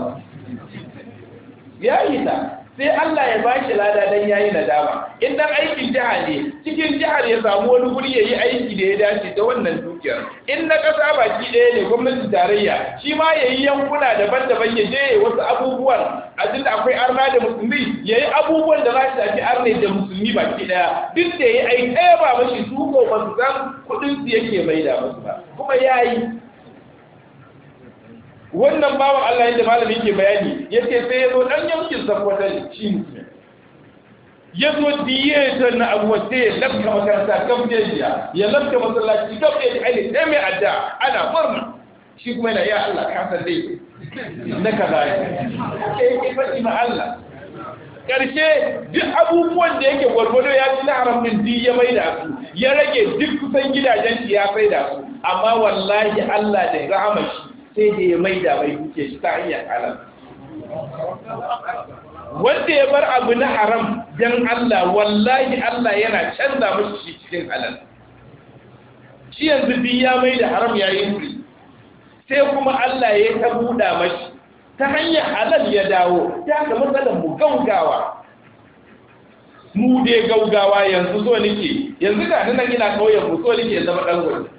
ya yi ta sai Allah ya ba shi lada dan yi nadama in dan aikin jiha ne cikin jihar ya samu wani guri yi aiki da ya dace da wannan dukiyar in na ƙasa baki ɗaya ne gwamnati tarayya shi ma ya yi yankuna daban-daban ya je wasu abubuwan a da akwai arna da musulmi yi abubuwan da za su tafi arne da musulmi baki ɗaya duk da yayi ai ɗaya ba mashi su ko ba su san kuɗin su yake maida musu ba kuma yayi wannan bawan Allah yadda malami yake bayani ce sai ya zo dan yankin sakwata shi ne ya zo diyetar na abuwa sai ya lafka makaranta kan jejiya ya lafka masallaci kan da ainihin ɗaya mai adda ana murna shi kuma yana ya Allah ka san dai na kaza sai ya faɗi ma Allah karshe duk abubuwan da yake gwargwado ya ci na haram din ya mai da su ya rage duk kusan gidajen shi ya sai da su amma wallahi Allah da rahama shi sai da ya da mai duke shi ta hanyar halal wanda ya bar abu na haram don Allah wallahi Allah yana canza musu shi cikin halal shi yanzu bi ya maida haram ya yi wuri sai kuma Allah ya ta buɗa mashi ta hanyar halal ya dawo ta kama matsalar mu gaugawa mu dai gaugawa yanzu so nike yanzu ga nan ina kauyen mu so nike zama ɗan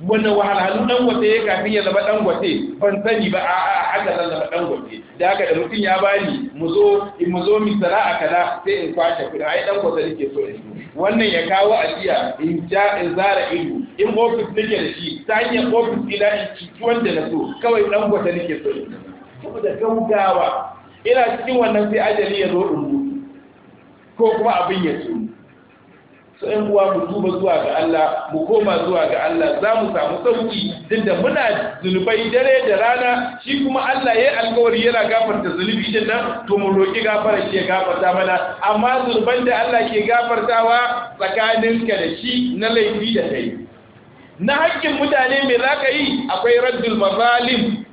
Wannan wahalhalu dan gwate ya kafin ya zama dan gwate ban sani ba a a haka zan zama dan da haka da mutum ya bani mu zo in mu zo mi a kaza sai in kwace kuɗi ai dan gwate nake so in wannan ya kawo ajiya in ja in zara ido in ofis nake da shi ta hanyar ofis ila in ci wanda na so kawai dan gwate nake so in saboda gaugawa ina cikin wannan sai ajali ya zo in ko kuma abin ya tsoro so yan uwa mu duba zuwa ga Allah mu koma zuwa ga Allah za mu samu sauki da muna zunubai dare da rana shi kuma Allah ya alkawari yana gafarta zunubi din nan to mu roki gafara shi ya gafarta mana amma zunuban da Allah ke gafartawa tsakaninka da shi na laifi da kai na haƙƙin mutane mai za ka yi akwai raddul mazalim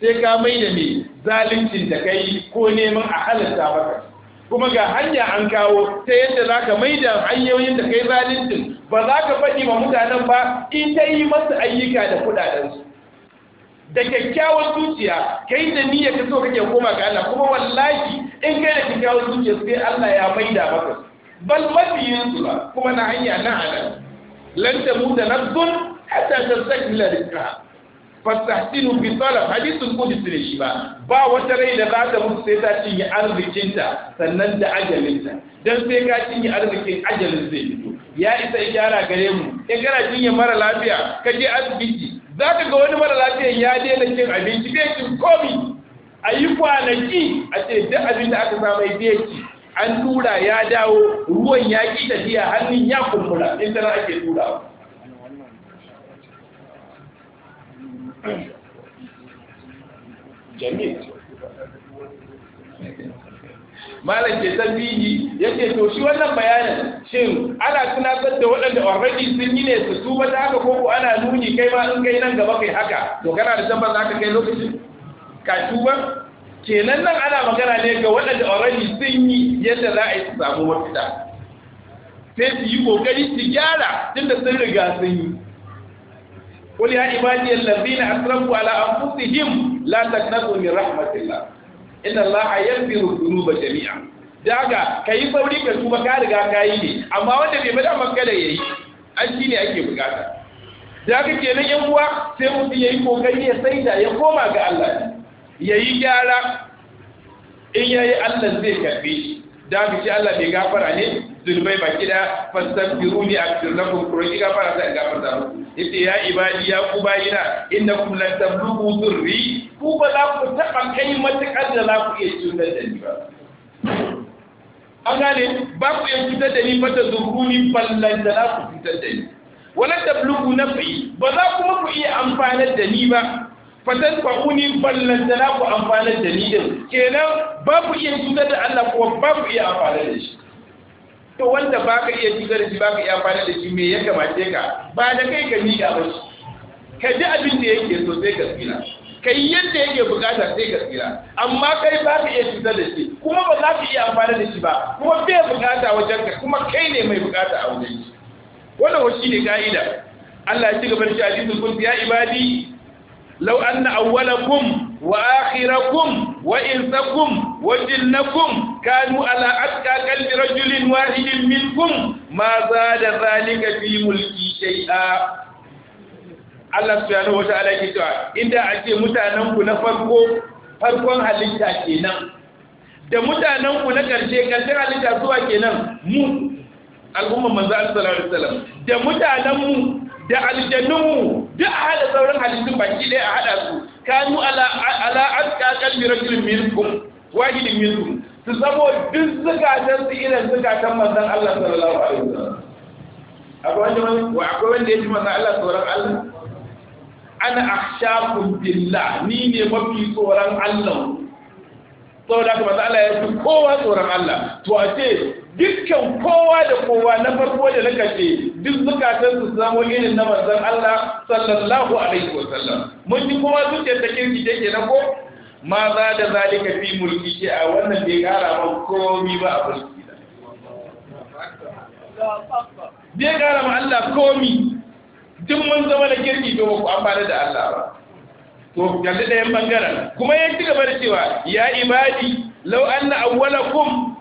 sai ka mai da mai zalincin da kai ko neman a halarta maka kuma ga hanya an kawo ta yadda za ka maida hanyoyin da kai zalincin ba za ka faɗi ma mutanen ba in ta yi masu ayyuka da kuɗaɗensu da kyakkyawar zuciya kai da niyya ka so kake koma ga Allah kuma wallahi in kai da kyakkyawan zuciya sai Allah ya maida maka bal mafiyin su kuma na hanya na halal lan tamuta nafsun hatta tastakmila fastahsinu bi talab hadithul qudsi ne shi ba ba wata rai da za ta mutu sai ta cinye arzikinta sannan da ajalinta dan sai ka cinye arzikin ajalin zai fito ya isa gyara gare mu in kana cinye mara lafiya ka je asibiti za ka ga wani mara lafiyan ya daina cin abinci bai cin komi a yi kwanaki a ce duk abin da aka samu bai ci an tura ya dawo ruwan ya ki tafiya hannun ya kumbura in tana ake turawa malam ke tambihi yake to shi wannan bayanin shin ana tunatar da waɗanda already sun yi ne su tuba ta haka ko ana nuni kai ma in kai nan gaba kai haka to kana da tabbas ka kai lokacin ka tuba kenan nan ana magana ne ga waɗanda already sun yi yadda za a yi su samu mafita sai su yi kokari su gyara tunda sun riga sun yi qul ya ibadiy allazina asrafu ala anfusihim la taqnatu min rahmatillah inna allaha yaghfiru dhunuba jami'a daga kai sauri ka tuba ka riga ka yi ne amma wanda bai bada maka da yayi an shine ake bukata da haka kenan yan uwa sai mutum yayi kokari ya da ya koma ga Allah yayi gyara in yayi Allah zai karbe shi da bi ci Allah bai gafara ne zulmai baki da fastaghfiruni aghfir lakum ko ki gafara sai gafarta mu ita ya ibadi ya ku bayina innakum lan tablughu dhurri ku ba za ku taba kai matakar da za ku iya cutar da ni ba an gane ba ku iya cutar da ni ba ta zurruni ballan da za ku cutar da ni wala tablughu nafi ba za kuma ku iya amfanar da ni ba fatan fa'uni ballantana ku amfanar da ni din kenan babu iya cutar da Allah kuma babu iya amfanar da shi to wanda ba ka iya cutar da shi ba ka iya amfanar da shi me ya kamace ka ba da kai ka miƙa ba shi ka ji abin da yake so sai ka tsira kai yadda yake bukata sai ka tsira amma kai ba ka iya cutar da shi kuma ba za ka iya amfanar da shi ba kuma bai bukata wajen ka kuma kai ne mai bukata a wajen shi wannan shi ne ka'ida Allah ya ci gaba da shi a cikin ya ibadi لو أن أولكم وآخركم وإنسكم وجنكم كانوا على أتقى قلب رجل واحد منكم ما زاد ذلك في ملكي شيئا Allah subhanahu wa ta'ala ke cewa inda a ce mutanen ku na farko farkon halitta kenan da mutanen ku na karshe karshen halitta zuwa kenan mu al'umma manzo sallallahu alaihi wasallam da mutanen mu da aljannunmu duk a haɗa sauran halittun baki ɗaya a haɗa su kanu ala ala aska kalbi rajulin minkum wahidin minkum su zamo duk zukatan su irin zukatan manzon Allah sallallahu alaihi wasallam akwai wanda wa akwai wanda ya ji manzon Allah tsoron Allah ana akhshakum billah ni ne mafi tsoron Allah saboda haka manzon Allah ya fi kowa tsoron Allah to a ce dukkan kowa da kowa na farko da na kashe duk zukatan su samu irin na manzon Allah sallallahu alaihi wa sallam) mun ji kowa zuciyar ta kirki take na ko ma za da zalika fi mulki shi a wannan bai kara ma komi ba a mulki da bai kara ma Allah komi duk mun zama da kirki to ba ku amfana da Allah ba to da yan bangaren kuma ya ci gaba da cewa ya ibadi law anna awwalakum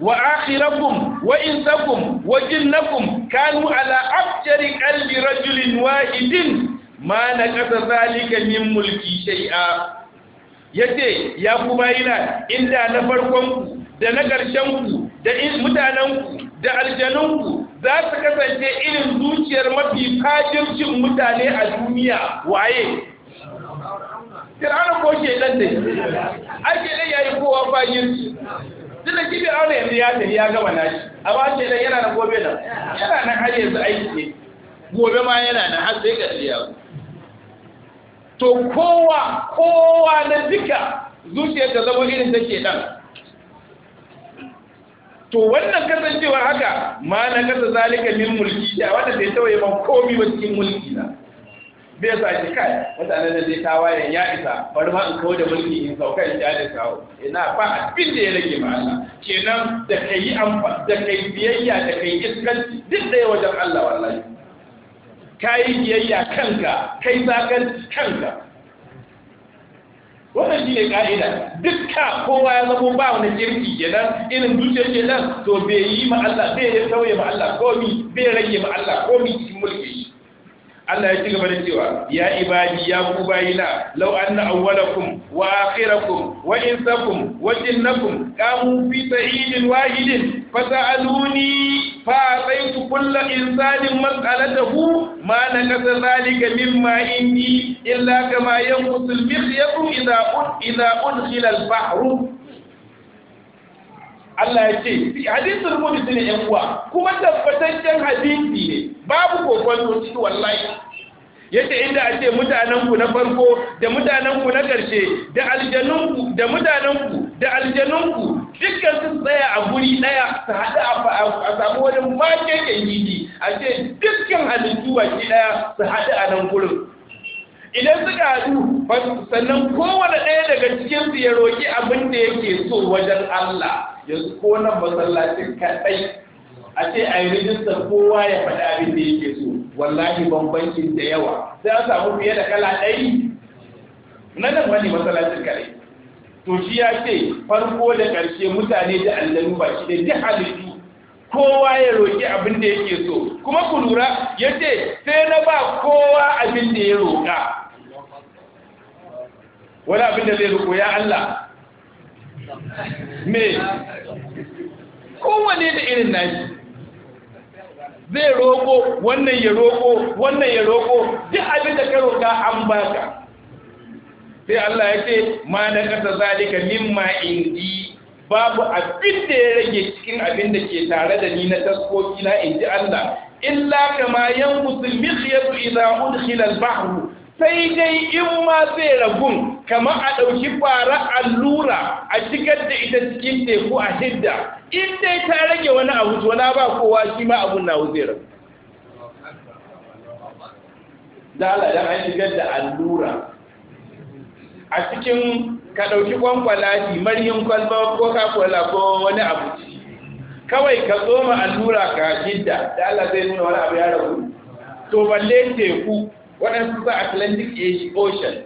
وآخركم وإنسكم وجنكم كانوا على أفجر قلب رجل واحد ما نقص ذلك من ملكي شيئا yace ya kuma bayina inda na farkonku da na ƙarshenku da mutanenku da aljanunku za su kasance irin zuciyar mafi fajircin mutane a duniya waye fir'auna ko ke dan dai ake dai yayi kowa fajirci tunda shi bai auna yanzu ya tafi ya gama nashi ba ce da yana nan gobe nan yana nan har yanzu aiki ne gobe ma yana nan har sai ga ya to kowa kowa na duka zuciyar ta zama irin take dan to wannan kasancewar haka ma na kasa zalika lil mulki da wanda bai tawaye ba komi ba cikin mulki na bai sa shi kai mutanen da zai tawayen ya isa bari ma in kawo da mulki in sauka in ja da kawo ina eh, ba abin da ya rage ma Allah kenan da kai amfa da kai biyayya da kai iskanci duk da wajen Allah wallahi kai biyayya kanka kai zakan kanka wannan shi ne ka'ida dukka kowa ya zama ba wani kirki kenan irin dutse kenan to bai yi ma Allah bai sauye ma Allah komi bai rage ma Allah komi cikin mulki Allah ya ci gaba da cewa ya ibadi ya ku bayina law anna awwalakum wa akhirakum wa insakum wa jinnakum qamu fi sa'idin wahidin fasa'aluni fa ataitu kulla insanin mas'alatahu ma nakasa zalika mimma indi illa kama yanqusu al-mikhyatu idha udkhila al-bahru Allah ya ce hadisul qudsi ne yan uwa kuma tabbataccen hadisi ne babu kokon wallahi yace inda a ce mutanen na farko da mutanen ku na ƙarshe da aljanunku ku da mutanen da aljanun ku dukkan su tsaya a guri daya su haɗu a samu wani makeken yidi a ce dukkan halittu a baki daya su haɗu a nan gurin idan suka haɗu sannan kowane ɗaya daga cikin su ya roƙi abin da yake so wajen Allah yanzu ko nan masallacin kaɗai a ce a yi rijistar kowa ya faɗi abin da yake so wallahi bambancin da yawa sai an samu fiye da kala ɗari na nan wani masallacin kaɗai to shi ya ce farko da ƙarshe mutane da allanu ba shi da duk halittu kowa ya roƙi abin da yake so kuma ku lura ya ce sai na ba kowa abin da ya roƙa wani abin da zai roƙo ya Allah me kowane da irin nashi zai roƙo wannan ya roƙo wannan ya roƙo duk abin da ka roƙa an baka sai Allah ya ce ma na kasa zalika mimma indi babu abin da ya rage cikin abin da ke tare da ni na taskoki na inji Allah illa kama yanqusul mikhyatu idha udkhila al-bahr sai dai in ma zai ragun kama a ɗauki fara allura a shigar da ita cikin teku a hidda in dai ta rage wani abu to na ba kowa shi ma abun na zai ragu dala da an shigar da allura a cikin ka ɗauki shi maryin kwalba ko kakwala ko wani abu kawai ka tsoma allura ka hidda dala zai nuna wani abu ya ragu to balle teku waɗansu ba atlantic ocean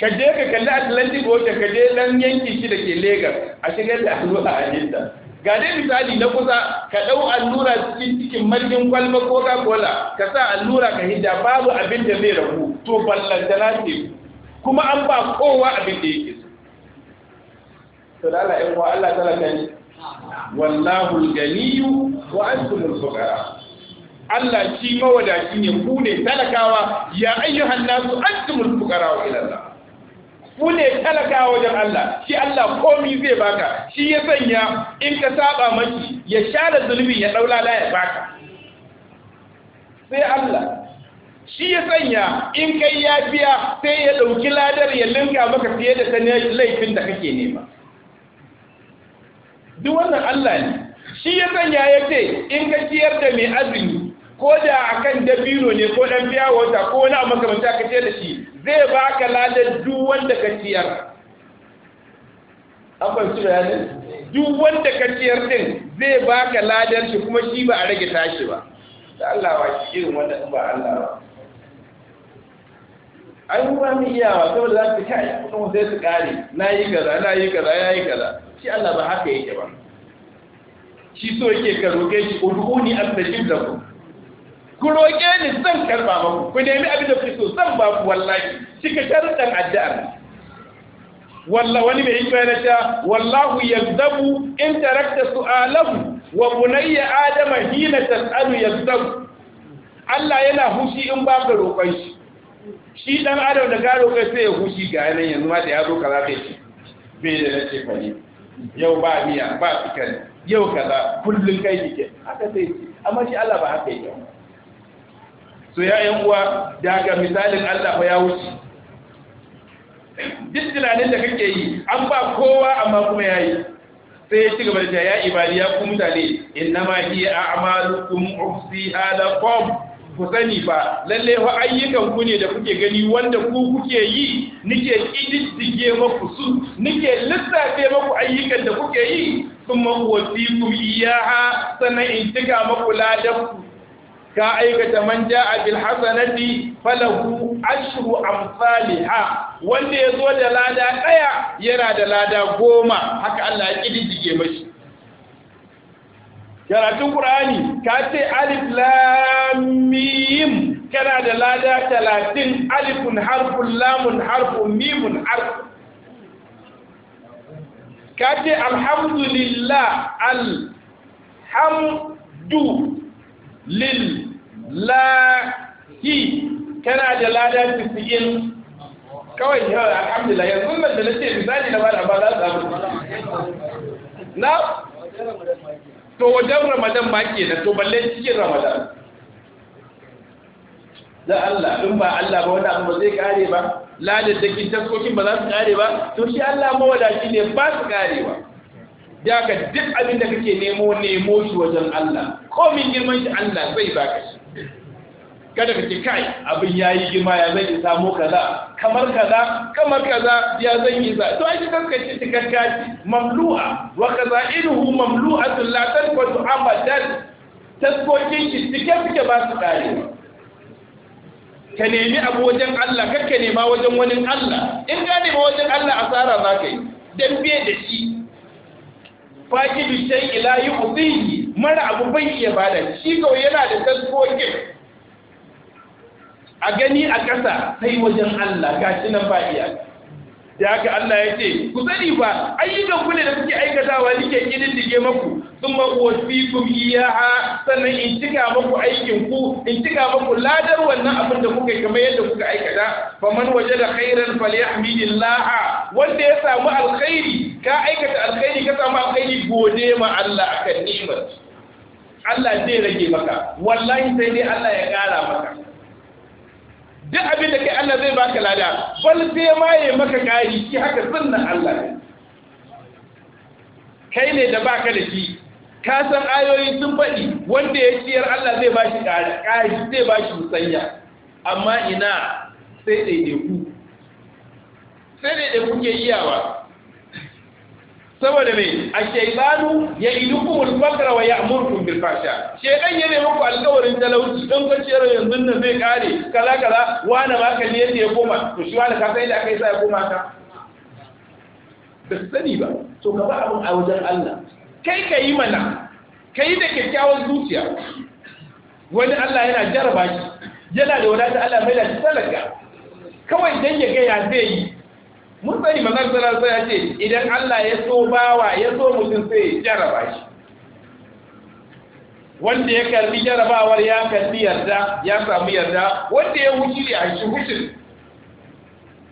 ka je ka kalli atlantic ocean ka je ɗan yankin shi da ke lagos a shigar da hannu a jinta ga dai misali na kusa ka ɗau allura cikin cikin margin kwalba coca cola ka sa allura ka hidda babu abin da zai rabu, to da ce kuma an ba kowa abin da yake so to Allah ɗan Allah talaka ne wallahu al-ganiyyu wa antum al Allah shi mawadaci ne ku ne talakawa ya ayyuhan nasu antumul fuqara ila Allah ku ne talakawa wajen Allah shi Allah komi zai baka shi ya sanya in ka saba maki ya share zulmi ya la ya baka sai Allah shi ya sanya in kai yafiya sai ya dauki ladar ya linka maka fiye da sanin laifin da kake nema duk wannan Allah ne shi ya sanya ya ce in ka ciyar da mai azumi ko da akan dabino ne ko dan biya wata ko na makamanta ka ce da shi zai baka lada duk wanda ka ciyar su da yanin duk wanda ka ciyar din zai baka ladar shi kuma shi ba a rage tashi ba da Allah wa shi irin wanda ba Allah ba ai mu ba mu iyawa saboda za su kai kuma sai su kare na yi kaza na yi kaza ya yi kaza shi Allah ba haka yake ba shi so yake ka roƙe shi ud'uni astajib lakum ku roƙe ni zan karɓa ba ku nemi abin da kuke so zan ba ku wallahi cika sharɗan addu'ar walla wani mai hikima na cewa wallahu yazdabu in tarakta su'alahu wa bunayya adama hina tas'alu yazdabu Allah yana hushi in ba ka roƙon shi shi dan adam da ka roƙa sai ya hushi ga yanayin yanzu ma da ya zo kaza kai shi bai da nace fa ne yau ba miya ba fikari yau kaza kullun kai kike haka sai amma shi Allah ba haka yake so ya yan uwa daga misalin Allah ya wuce duk tunanin da kake yi an ba kowa amma kuma yayi sai ya ci gaba da ya ibadi ya ku mutane innama hiya a'malukum ufsiha lakum ku sani fa lalle fa ayyukan ku ne da kuke gani wanda ku kuke yi nike kididdige maku su nike lissafe maku ayyukan da kuke yi kuma wasikum iyaha sannan in cika maku ladan ka aikata man ja'a bil hasanati falahu ashru amsalha wanda ya zo da lada daya yana da lada goma haka Allah ya kidige mashi karatun qur'ani ka ce alif lam mim kana da lada 30 alifun harfun lamun harfun mimun harf ka ce alhamdulillah alhamdu lil lahi kana da lada tis'in kawai yau alhamdulillah yanzu nan da nace misali na bada ba za su na to wajen ramadan ba ke da to balle cikin ramadan da Allah in ba Allah ba wanda ba zai kare ba ladar da kin taskokin ba za su kare ba to shi Allah mawadaci ne ba su kare ba da ka duk abin da kake nemo nemo shi wajen Allah ko min girman shi Allah zai baka shi kada ka ce kai abin yayi girma ya zai samu samo kaza kamar kaza kamar kaza ya zan yi za to ai kanka ce tikakka mamlu'a wa kazainuhu mamlu'atun la tanfatu abadan tasbokin shi cike suke ba su dare ka nemi abu wajen Allah kakka nema wajen wani Allah in ka nema wajen Allah asara za ka yi dan biye da shi faqidu shay ila yu'tihi mara abu bai iya bada shi kawai yana da taskokin a gani a ƙasa sai wajen Allah shi nan faɗiya da haka Allah ya ce ku sani ba ayyukan ku ne da suke aikatawa nike kididdige maku thumma uwaffikum iyaha sannan in cika muku aikin ku in cika muku ladar wannan abin da kuka kamar yadda kuka aikata faman wajada khairan falyahmidillah wanda ya samu alkhairi ka aikata alkhairi ka samu alkhairi gode ma Allah akan ni'mar Allah zai rage maka wallahi sai dai Allah ya kara maka duk abin da kai Allah zai baka lada bal sai ma yayi maka kari shi haka sunnan Allah ne kai ne da baka da shi ka san ayoyi sun faɗi wanda ya ciyar Allah zai ba shi ƙari zai ba shi musanya amma ina sai ɗaiɗaiku sai ɗaiɗaiku ke iyawa saboda mai a shaibanu ya idu kumul fakra wa ya amurkun bil fasha shaidan ya nemi ku alkawarin talauci don ka ciyar yanzu nan zai kare kala kala wani ma ka da ya koma to shi wani ka san yadda aka yi sa ya koma ka ba sani ba to ka ba abin a wajen Allah kai ka yi mana ka yi da kyakkyawan zuciya wani Allah yana jaraba shi yana da wadata Allah mai da shi talaka kawai dan ya ga ya zai yi mun sani manzon sallallahu alaihi ce idan Allah ya so bawa ya so mutum sai jaraba shi wanda ya karbi jarabawar ya karbi yarda ya samu yarda wanda ya wuce a shi hushin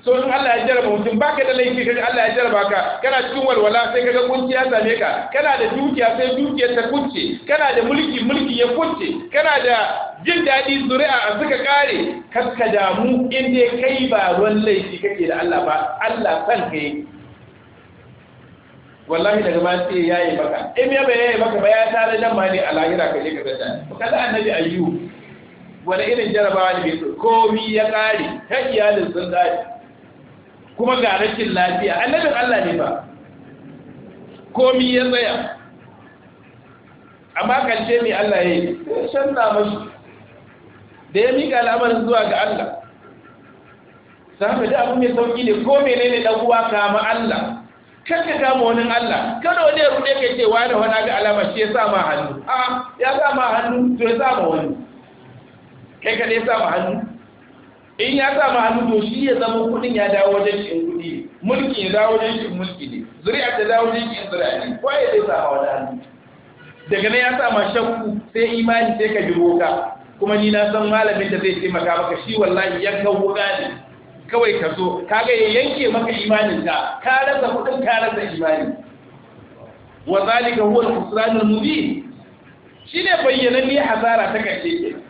so in Allah ya jarraba mutum baka da laifi ka Allah ya jarraba ka kana cikin walwala sai ga kunci ya same ka kana da dukiya sai dukiyar ta kunce kana da mulki mulki ya kunce kana da jin daɗi zuri'a a suka kare kaska damu in dai kai ba ruwan laifi kake da Allah ba Allah san ka yi wallahi daga ma sai yi maka in ya bai yayi maka ba ya tare nan ma ne a lahira ka je ka tsaya kaga annabi ayyu wani irin jarabawa ne komi ya ƙare, ta iyalin sun ƙare kuma ga rashin lafiya annabin Allah ne ba komi ya tsaya amma karshe mai Allah ya yi shanna mashi da ya miƙa lamarin zuwa ga Allah samu da abu mai sauƙi ne ko ne dan kuwa kama Allah kanka kama wani Allah kada wani ya rude kai cewa da wani ga alama shi ya sa ma hannu a ya sa ma hannu to ya sa ma wani kai ka ne ya sa ma hannu in ya sa ma hannu to shi ya zama kudin ya dawo wajen shi in kudi mulki ya dawo wajen shi mulki ne zuri'a ta dawo wajen shi in zuri'a ne ko ya zai sa wani hannu daga nan ya sa ma shakku sai imani sai ka jiro ka kuma ni na san malamin da zai taimaka maka shi wallahi yankan wuka ne kawai ka zo kaga ya yanke maka imanin ka ka rasa kudin ka rasa imani wa zalika huwa al-khusran al-mubin shine bayyana ne hasara ta kace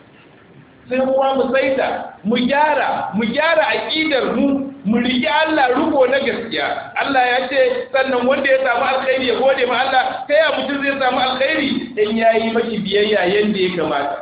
sai kuma mu saita mu gyara mu gyara aqidar mu mu riƙi Allah riko na gaskiya Allah ya ce sannan wanda ya samu alkhairi ya gode ma Allah ta ya mutum zai samu alkhairi in yayi maki biyayya yanda ya kamata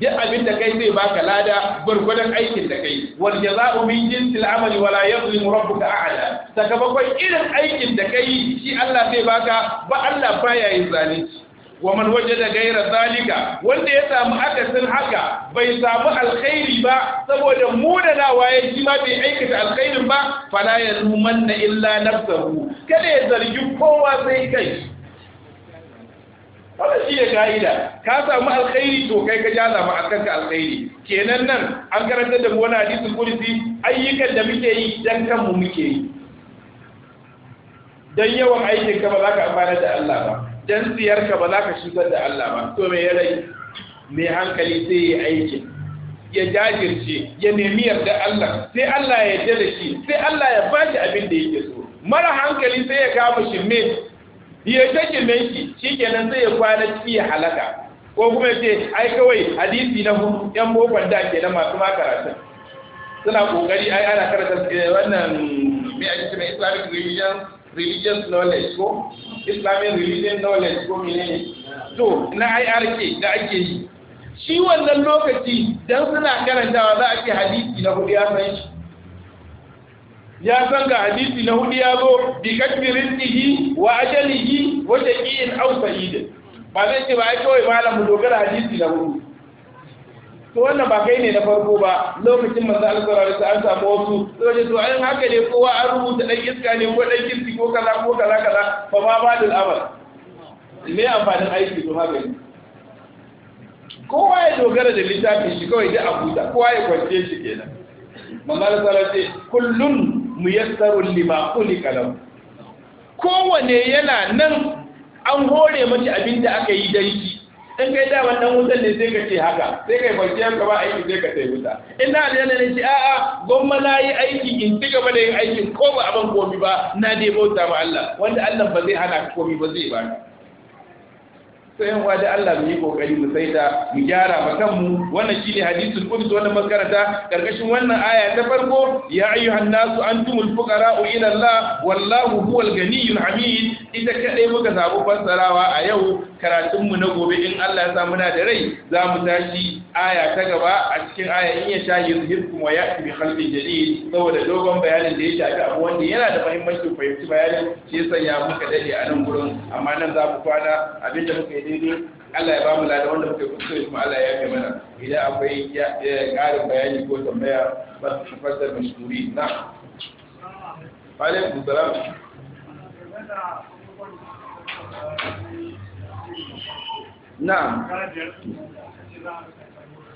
duk abin da kai zai baka lada gwargwadon aikin da kai wal jaza'u min jinsi amali wala yadhlimu rabbuka ahada sakamakon irin aikin da kai shi Allah zai baka ba Allah baya yin zalunci wa waje da gaira zalika wanda ya samu akasin haka bai samu alkhairi ba saboda nawa ya ji ma bai aikata alkhairin ba fala na illa nafsahu kada ya zargi kowa sai kai wannan shi ne ka'ida ka samu alkhairi to kai ka jaza ma akan ka alkhairi kenan nan an karanta da wani hadisin kursi ayyukan da muke yi dan kanmu muke yi dan yawan aikin ka ba za ka amfana da Allah ba dan siyarka ba za ka shigar da Allah ba to me ya me hankali sai ya aikin ya jajirce ya nemi yarda Allah sai Allah ya yarda da shi sai Allah ya ba shi abin da yake so mara hankali sai ya kama shi me ya take shi shikenan sai ya kwana ci ya halaka ko kuma ce ai kawai hadisi na hudu yan bokon da ke na masu ma suna kokari ai ana karanta eh, wannan me ake Islamic religion religious knowledge ko islamic religion knowledge ko menene to na IRK da ake yi shi wannan lokaci dan suna karantawa za a ce hadisi na hudu ya san shi ya san ga hadisi na hudu ya zo bi kasbi rizqihi wa ajalihi wa shaqiyin aw sa'id ba zai ce ba ai kawai malamu mu dogara hadisi na hudu to wannan ba kai ne na farko ba lokacin manzo Allah da su an samu wasu to je to ayin haka ne kowa an rubuta dan iska ne ko dan kirki ko kaza ko kaza kaza fa ma da amal me amfanin aiki to haka ne kowa ya dogara da littafin shi kawai da abuta kowa ya kwance shi kenan manzo Allah ce alaihi wasallam kullun muyassarun lima kulika kalam kowane yana nan an hore mace abin da aka yi dan shi in kai daman ɗan wutan ne sai ka ce haka sai kai kiyan ka ba aiki sai ka sai wuta in na aljanna ne ce a'a gwamma na yi aiki in ci gaba da yin aikin ko ba a abin komi ba na dai bauta ma Allah wanda Allah ba zai hana komi ba zai ba ni. sai yan da Allah mu yi kokari mu saita mu gyara ma kanmu wannan shine hadisul qudsi wannan makaranta karkashin wannan aya ta farko ya ayyuhan nasu antumul fuqara'u ila Allah wallahu huwal ganiyyul hamid ita kadai muka samu fassarawa a yau karatun mu na gobe in Allah ya sa muna da rai za mu tashi aya ta gaba a cikin aya in ya sha yuzhirkum wa ya'ti bi khalqin jadid saboda dogon bayanin da ya shafi abu wanda yana da muhimmanci fahimci bayanin shi yasa ya muka dade a nan gurin amma nan za mu kwana abinda muka yi daidai Allah ya ba mu ladan wanda muka kusa kuma Allah ya yi mana idan akwai ƙarin bayani ko tambaya ba su da mashuri na alaikum salam Na.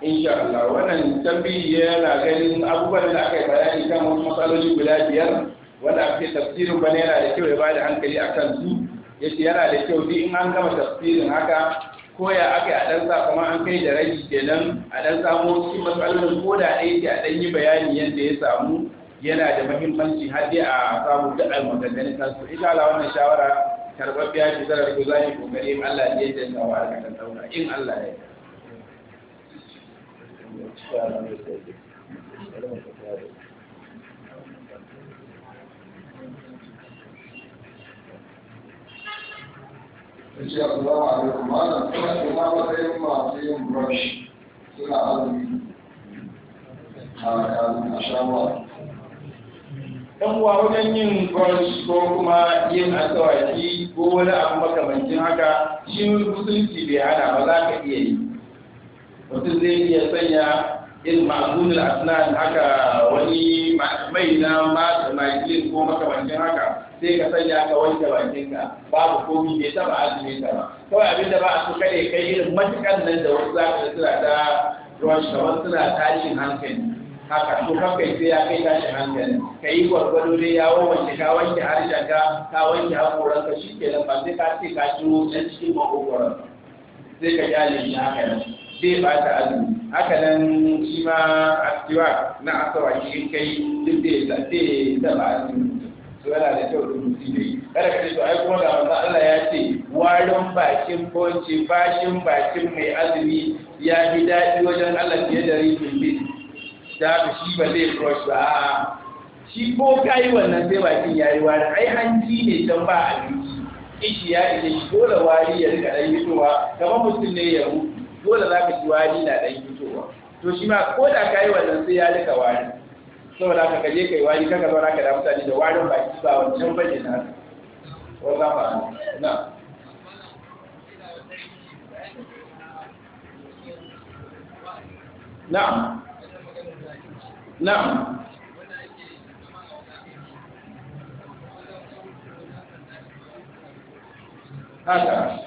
insha Allah wannan tambayi yana ganin abubuwan da aka yi bayani kan wasu matsaloli guda biyar wanda ake tafsirin bana yana da kyau ya bada hankali akan su yace yana da kyau duk in an gama tafsirin haka ya aka a dan kuma an kai da rage kenan a ɗan samo shi matsalolin ko da ɗaya ke a dan yi bayani yadda ya samu yana da muhimmanci har dai a samu duk almaganganin kansu insha Allah wannan shawara karɓaɓɓiya ce tana da ko za yi kokari in Allah ya yi wa aikatan ɗauka in Allah ya yi. insha Allah alaikum malam kuma da ma matsayin masu yin brush suna azumi a shawa dan wa wajen yin brush ko kuma yin asawaki ko wani abu makamancin haka shi musulunci bai hana ba za ka iya yi mutum zai iya sanya yin ma'azunin asinan haka wani mai na makamancin ko makamancin haka sai ka sanya ka wanke bakinka babu komi bai taba azumi ta ba kawai abinda ba a so kare kai irin matukan nan da wasu za ka suna ta ruwan kamar suna tashin hankali haka to kan kai sai ya kai tashi hankali kai gwargwado dai ya wanke ka wanke harshen ka ka wanke hakoran ka shikenan ba sai ka ce ka ciwo dan cikin makogoron sai ka kyale shi haka nan zai ba ta azumi haka nan shi ma asiwa na asawa shi kai duk da zai zaba azumi to yana da kyau da mutum ya yi kada ka ce to ai kuma ga manzon Allah ya ce warin bakin bonci bashin bakin mai azumi ya fi daɗi wajen Allah fiye da rikin biyu shafi shi ba zai brush ba shi ko ka wannan sai bakin ya yi wari ai hanji ne dan ba abinci kishi ya ishe shi dole wari ya rika ɗan fitowa kamar mutum ne ya mutu dole za ka ji wari na ɗan fitowa to shi ma ko da ka wannan sai ya rika wari saboda ka kaje kai wari kaka zo ka da mutane da warin ki ba wancan bane na wanda ba na na'am na'am haka haka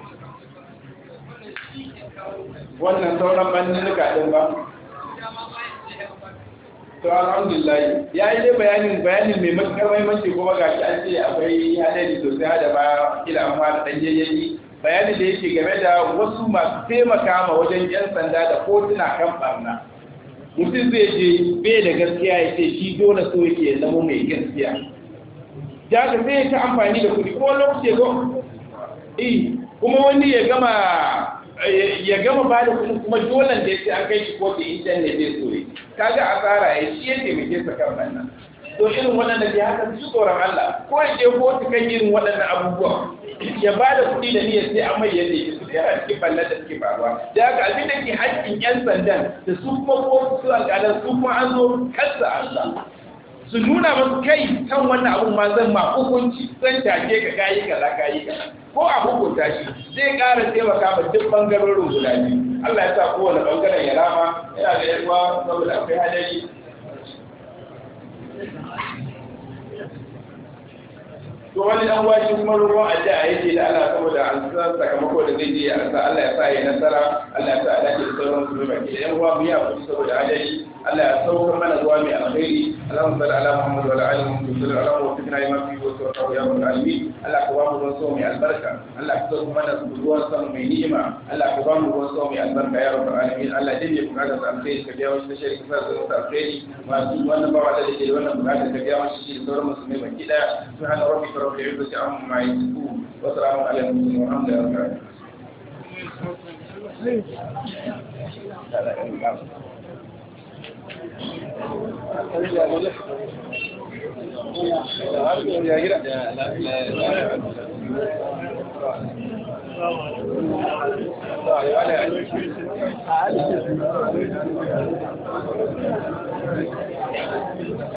wannan sauran bandinuka din ba to alhamdulillah ya yi dai bayanin bayanin mai matuƙar mahimmanci ko ba gashi an ce akwai hadari sosai da ba kila amma da ɗan yayyayi bayanin da yake game da wasu masu taimaka ma wajen yan sanda da kotuna kan barna mutum zai je bai da gaskiya ya ce shi dole so yake ya zama mai gaskiya ya ga zai ta amfani da kuɗi ko lokaci ko kuma wani ya gama ya gama ba da kuma kuma dole da ya an kai shi kotu intan ne zai so kaga asara ya shi ya taimake sa kan wannan to irin da ke haka su tsoron Allah ko ya je kotu kan irin waɗannan abubuwa ya ba da kuɗi da niyyar sai amma ya ne su yana cikin ballar da suke faruwa da haka abin da ke haƙƙin 'yan sandan da su kuma ko su alƙalan su kuma an zo kansa Allah su nuna masu kai kan wannan abun ma zan ma hukunci zan take ka kayi kaza kayi kaza ko a hukunta shi zai ƙara taimaka ma duk ɓangarorin guda biyu Allah ya sa kowane ɓangaren ya rama yana da yawa saboda akwai hadari to wani dan washi kuma roƙon addu'a yake da Allah saboda an san sakamako da zai je an san Allah ya sa ya nasara Allah ya sa Allah ya sauran su mai da yan uwa mu ya kuɗi saboda adali Allah ya sauka mana zuwa mai alkhairi Allahumma salli ala Muhammad wa ala ali Muhammad sallallahu alaihi wa sallam fitna ima fi wa sallallahu ya rabbal alamin Allah ka ba mu ruwan mai albarka Allah sauka mana ruwan sama mai ni'ima Allah ka ba mu ruwan mai albarka ya rabbal alamin Allah ya da ka biya wasu sa su da ma su wannan ba da wannan buƙata ka biya wasu shi da sauran musulmai baki daya رب العزة عما يصفون وسلام على المرسلين والحمد لله Thank you.